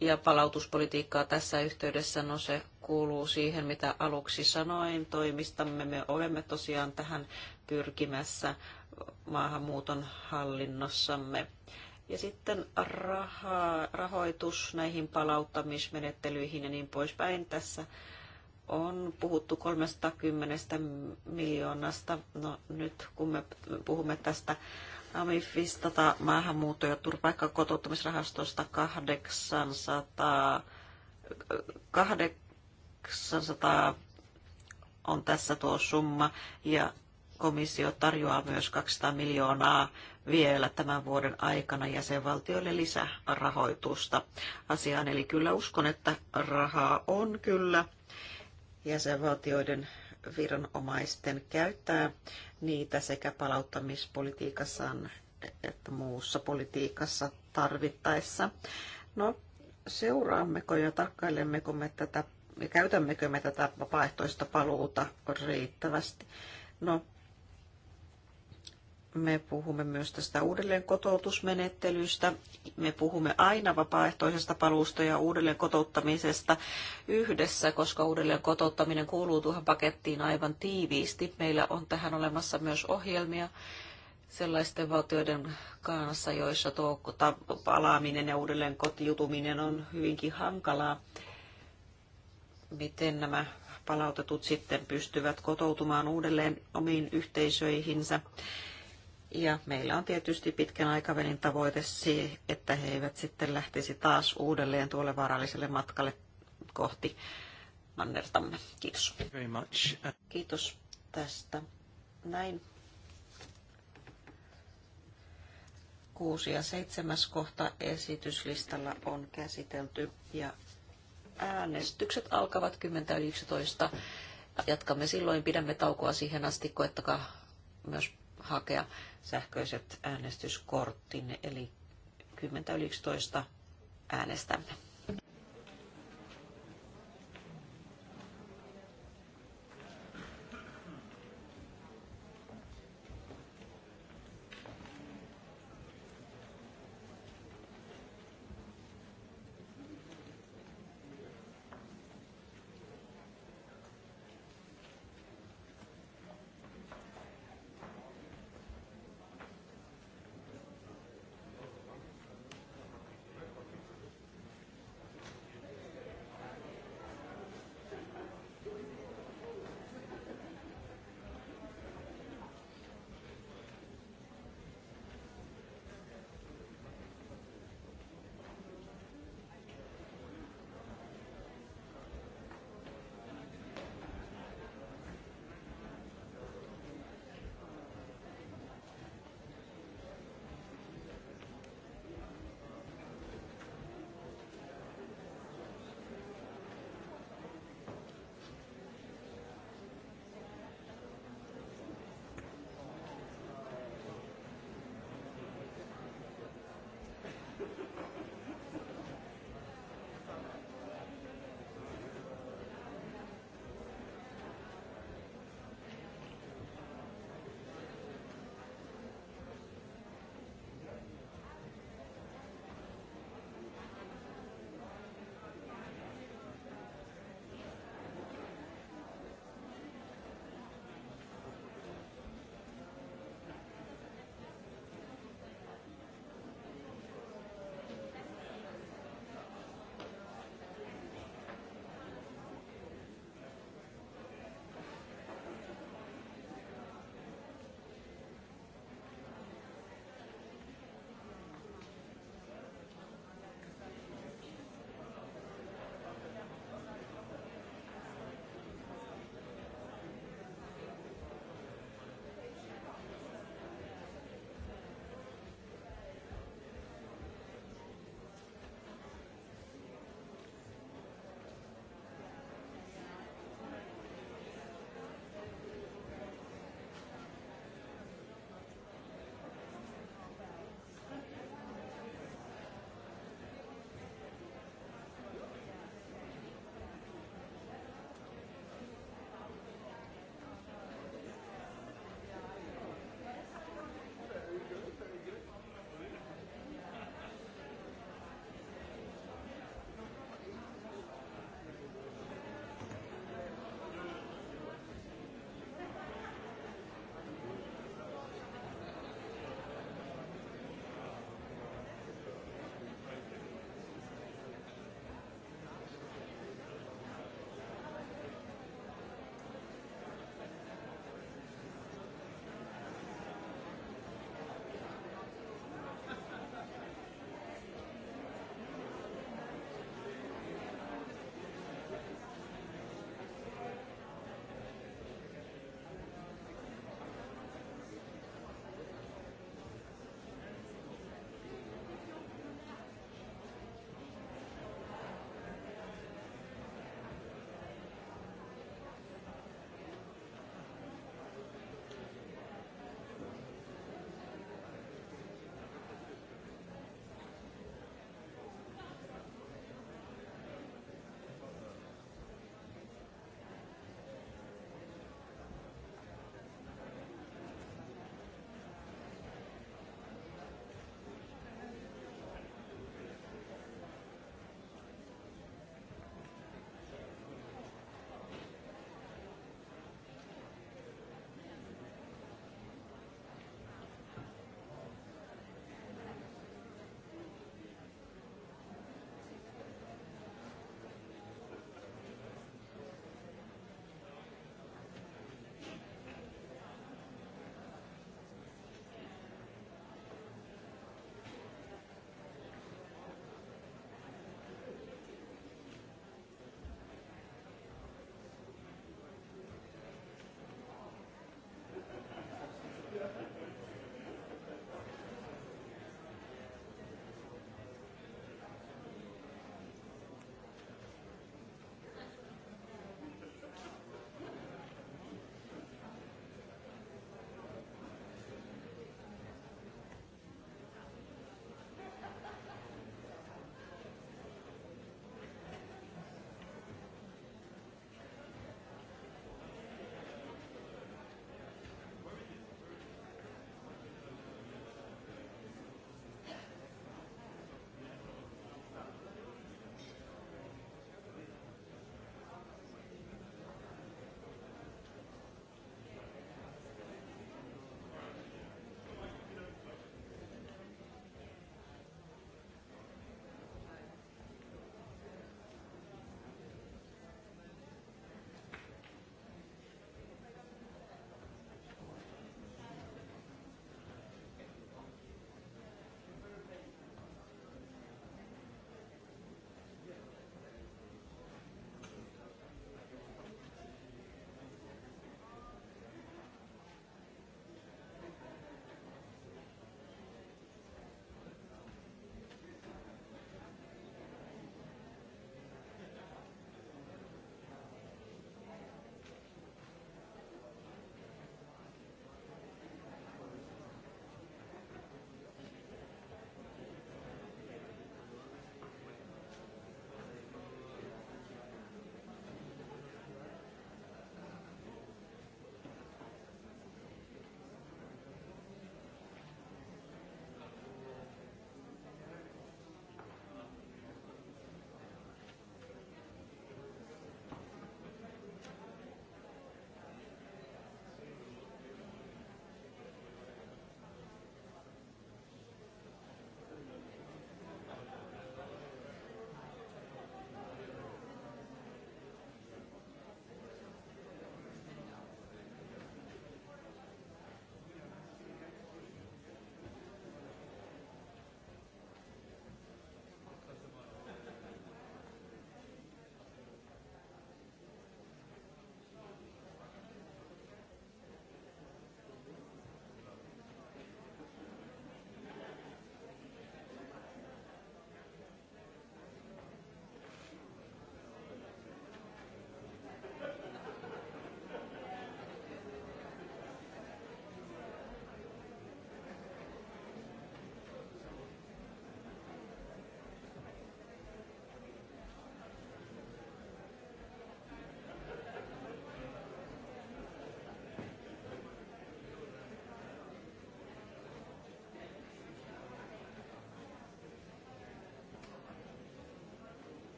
Ja palautuspolitiikkaa tässä yhteydessä, no se kuuluu siihen, mitä aluksi sanoin toimistamme. Me olemme tosiaan tähän pyrkimässä maahanmuuton hallinnossamme. Ja sitten raha, rahoitus näihin palauttamismenettelyihin ja niin poispäin. Tässä on puhuttu 310 miljoonasta. No nyt kun me puhumme tästä AMIFista, maahanmuutto- ja turvapaikkakotouttamisrahastosta 800, 800 on tässä tuo summa ja komissio tarjoaa myös 200 miljoonaa vielä tämän vuoden aikana jäsenvaltioille lisärahoitusta asiaan. Eli kyllä uskon, että rahaa on kyllä jäsenvaltioiden viranomaisten käyttää niitä sekä palauttamispolitiikassaan että muussa politiikassa tarvittaessa. No, seuraammeko ja tarkkailemmeko me tätä käytämmekö me tätä vapaaehtoista paluuta riittävästi? No, me puhumme myös tästä uudelleen kotoutusmenettelystä. Me puhumme aina vapaaehtoisesta paluusta ja uudelleen kotouttamisesta yhdessä, koska uudelleen kotouttaminen kuuluu tuohon pakettiin aivan tiiviisti. Meillä on tähän olemassa myös ohjelmia sellaisten valtioiden kanssa, joissa tuo palaaminen ja uudelleen kotiutuminen on hyvinkin hankalaa. Miten nämä palautetut sitten pystyvät kotoutumaan uudelleen omiin yhteisöihinsä? Ja meillä on tietysti pitkän aikavälin tavoite siihen, että he eivät sitten lähtisi taas uudelleen tuolle vaaralliselle matkalle kohti mannertamme. Kiitos. Very much. Kiitos tästä. Näin. Kuusi ja seitsemäs kohta esityslistalla on käsitelty ja äänestykset alkavat 10.11. Jatkamme silloin, pidämme taukoa siihen asti, koettakaa myös hakea sähköiset äänestyskorttinne, eli 10 yli 11 äänestämme.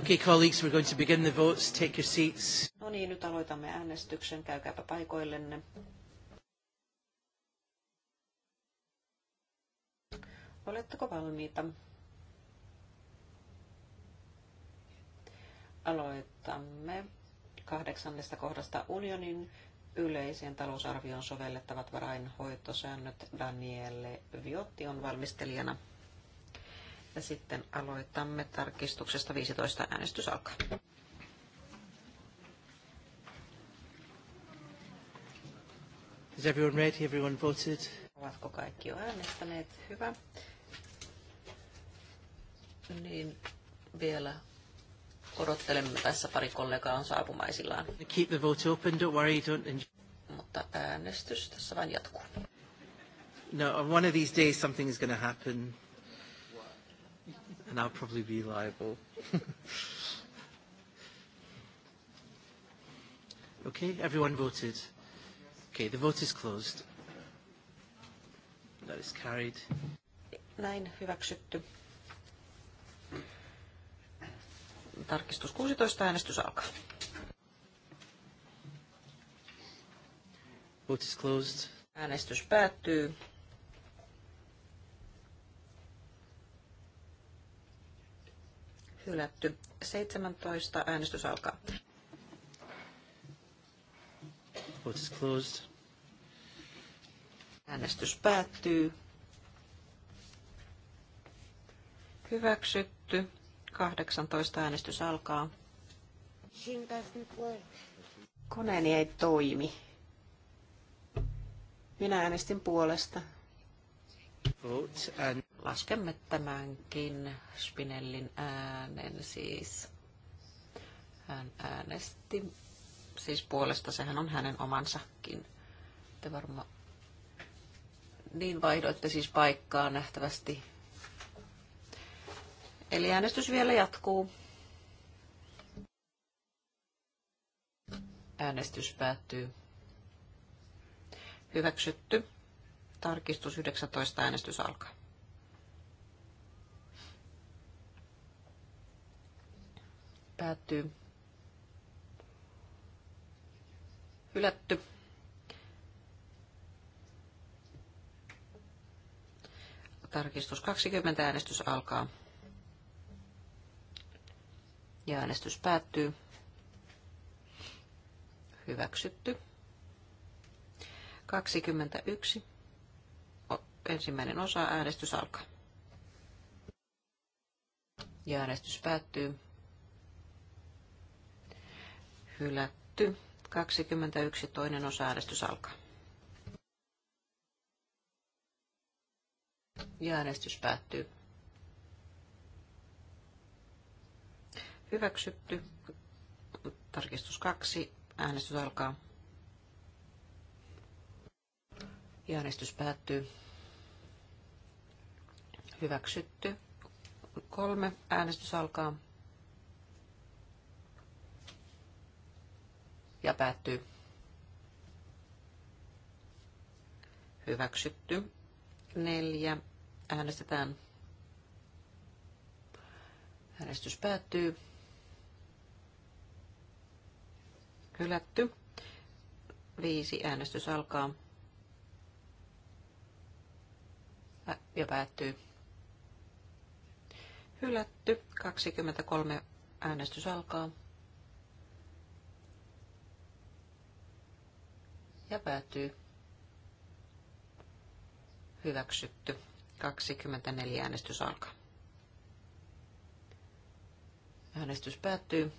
Okay, colleagues, we're going to begin the votes. Take your seats. No niin, nyt aloitamme äänestyksen. Käykääpä paikoillenne. Oletteko valmiita? Aloitamme kahdeksannesta kohdasta unionin yleiseen talousarvioon sovellettavat varainhoitosäännöt. Danielle Viotti on valmistelijana. Ja sitten aloitamme tarkistuksesta 15. Äänestys alkaa. Is everyone ready? Everyone voted? Ovatko kaikki jo äänestäneet? Hyvä. Niin vielä odottelemme tässä pari kollegaa on saapumaisillaan. Keep the vote open, don't worry, don't... Mutta äänestys tässä vain jatkuu. No, on one of these days something is going to happen now probably be liable. okay, everyone voted. Okay, the vote is closed. That is carried. Näin hyväksytty. Tarkistus 16, äänestys alkaa. Vote is closed. Äänestys päättyy. hylätty. 17 äänestys alkaa. Vote is closed. Äänestys päättyy. Hyväksytty. 18 äänestys alkaa. Koneeni ei toimi. Minä äänestin puolesta. Vote and laskemme tämänkin Spinellin äänen siis. Hän äänesti siis puolesta, sehän on hänen omansakin. Te varmaan niin vaihdoitte siis paikkaa nähtävästi. Eli äänestys vielä jatkuu. Äänestys päättyy. Hyväksytty. Tarkistus 19. Äänestys alkaa. Päättyy. Hylätty. Tarkistus 20. Äänestys alkaa. Ja äänestys päättyy. Hyväksytty. 21. Ensimmäinen osa. Äänestys alkaa. Ja äänestys päättyy hylätty. 21 toinen osa äänestys alkaa. Ja äänestys päättyy. Hyväksytty. Tarkistus 2. Äänestys alkaa. Ja äänestys päättyy. Hyväksytty. Kolme. Äänestys alkaa. ja päättyy. Hyväksytty. Neljä. Äänestetään. Äänestys päättyy. Hylätty. Viisi. Äänestys alkaa. Ja päättyy. Hylätty. 23. Äänestys alkaa. ja päättyy. Hyväksytty. 24 äänestys alkaa. Äänestys päättyy.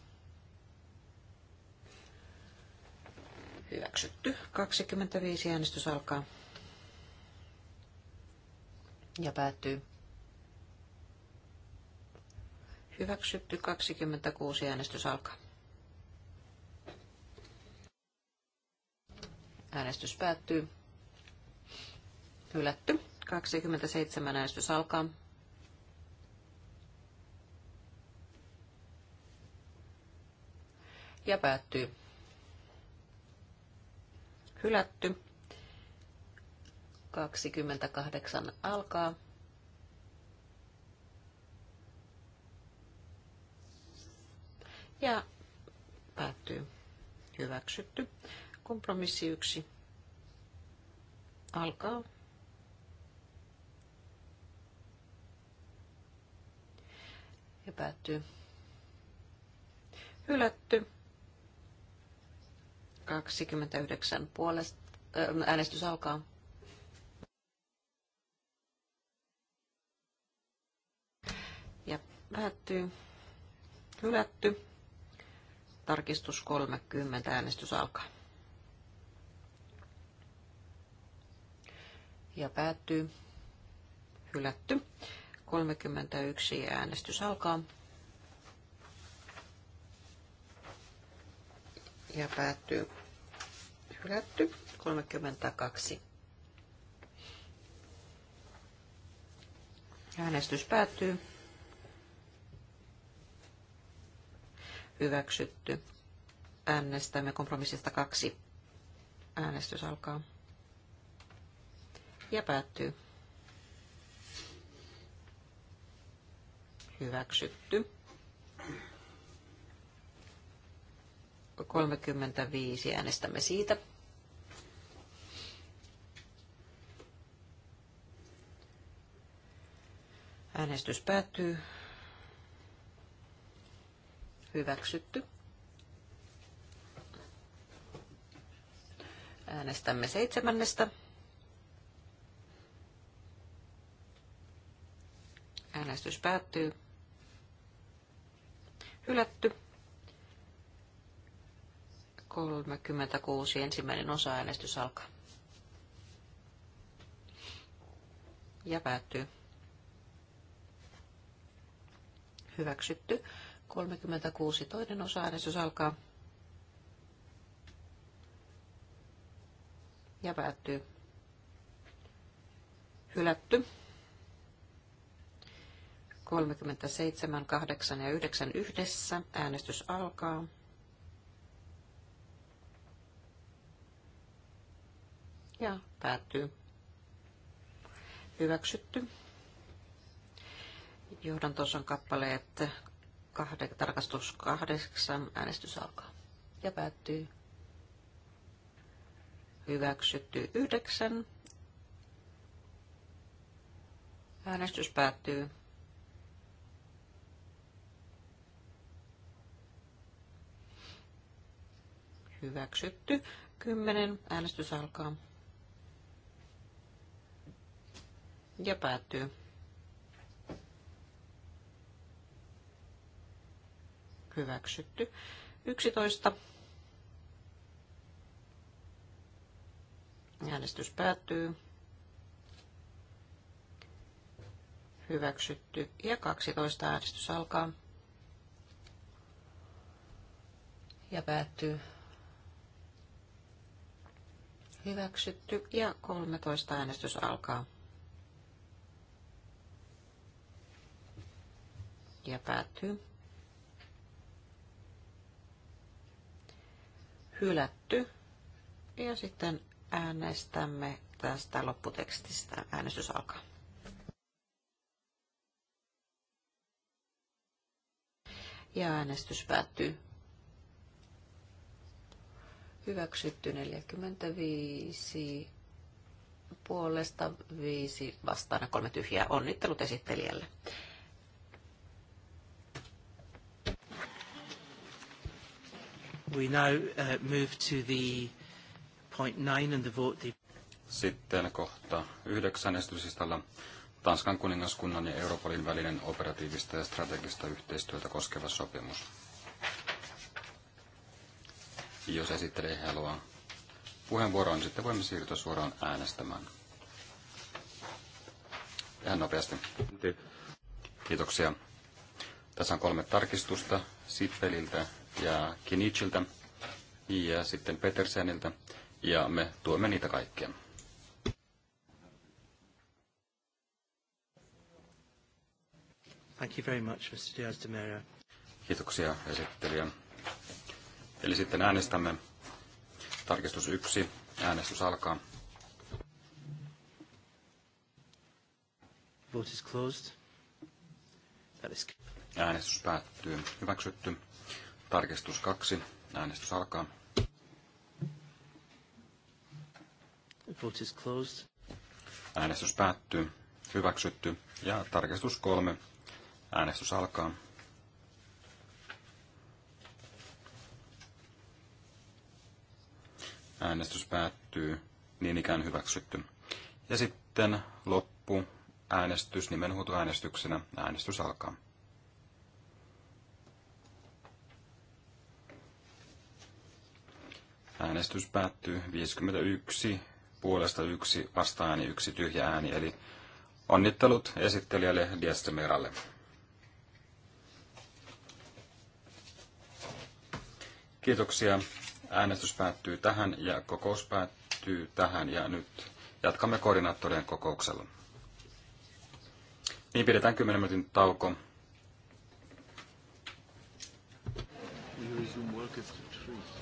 Hyväksytty. 25 äänestys alkaa. Ja päättyy. Hyväksytty. 26 äänestys alkaa. Äänestys päättyy. Hylätty. 27 äänestys alkaa. Ja päättyy. Hylätty. 28 alkaa. Ja päättyy. Hyväksytty. Kompromissi yksi. Alkaa. Ja päättyy. Hylätty. 29 puolesta. Äh, äänestys alkaa. Ja päättyy. Hylätty. Tarkistus 30. Äänestys alkaa. ja päättyy. Hylätty. 31 äänestys alkaa. Ja päättyy. Hylätty. 32. Äänestys päättyy. Hyväksytty. Äänestämme kompromissista kaksi. Äänestys alkaa ja päättyy. Hyväksytty. 35 äänestämme siitä. Äänestys päättyy. Hyväksytty. Äänestämme seitsemännestä. Äänestys päättyy. Hylätty. 36 ensimmäinen osa äänestys alkaa. Ja päättyy. Hyväksytty. 36 toinen osa äänestys alkaa. Ja päättyy. Hylätty. 37, 8 ja 9 yhdessä. Äänestys alkaa. Ja päättyy. Hyväksytty. Johdantos on kappaleet kahde, tarkastus kahdeksan, äänestys alkaa ja päättyy. Hyväksytty yhdeksän. Äänestys päättyy. hyväksytty. 10. Äänestys alkaa. Ja päättyy. Hyväksytty. 11. Äänestys päättyy. Hyväksytty. Ja 12 äänestys alkaa. Ja päättyy hyväksytty ja 13 äänestys alkaa. Ja päättyy. Hylätty. Ja sitten äänestämme tästä lopputekstistä. Äänestys alkaa. Ja äänestys päättyy hyväksytty 45 puolesta, 5 vastaana, kolme tyhjää. Onnittelut esittelijälle. We now uh, move to the point nine and the vote. Sitten kohta yhdeksän esityslistalla Tanskan kuningaskunnan ja Europolin välinen operatiivista ja strategista yhteistyötä koskeva sopimus. Jos esittelee haluaa puheenvuoroa, niin sitten voimme siirtyä suoraan äänestämään. Ihan nopeasti. Kiitoksia. Tässä on kolme tarkistusta Sippeliltä ja Kinichiltä ja sitten Peterseniltä ja me tuemme niitä kaikkia. Thank you very much, Mr. Diaz de Mera. Kiitoksia esittelijä. Eli sitten äänestämme tarkistus 1. Äänestys alkaa. Vote is closed. That is... Äänestys päättyy. Hyväksytty. Tarkistus 2. Äänestys alkaa. Vote is closed. Äänestys päättyy. Hyväksytty. Ja tarkistus 3. Äänestys alkaa. Äänestys päättyy. Niin ikään hyväksytty. Ja sitten loppu. Äänestys nimenhuutoäänestyksenä. Äänestys alkaa. Äänestys päättyy 51 puolesta yksi vastaääni yksi tyhjä ääni, eli onnittelut esittelijälle Diestemeralle. Kiitoksia. Äänestys päättyy tähän ja kokous päättyy tähän ja nyt jatkamme koordinaattorien kokouksella. Niin pidetään 10 minuutin tauko. We work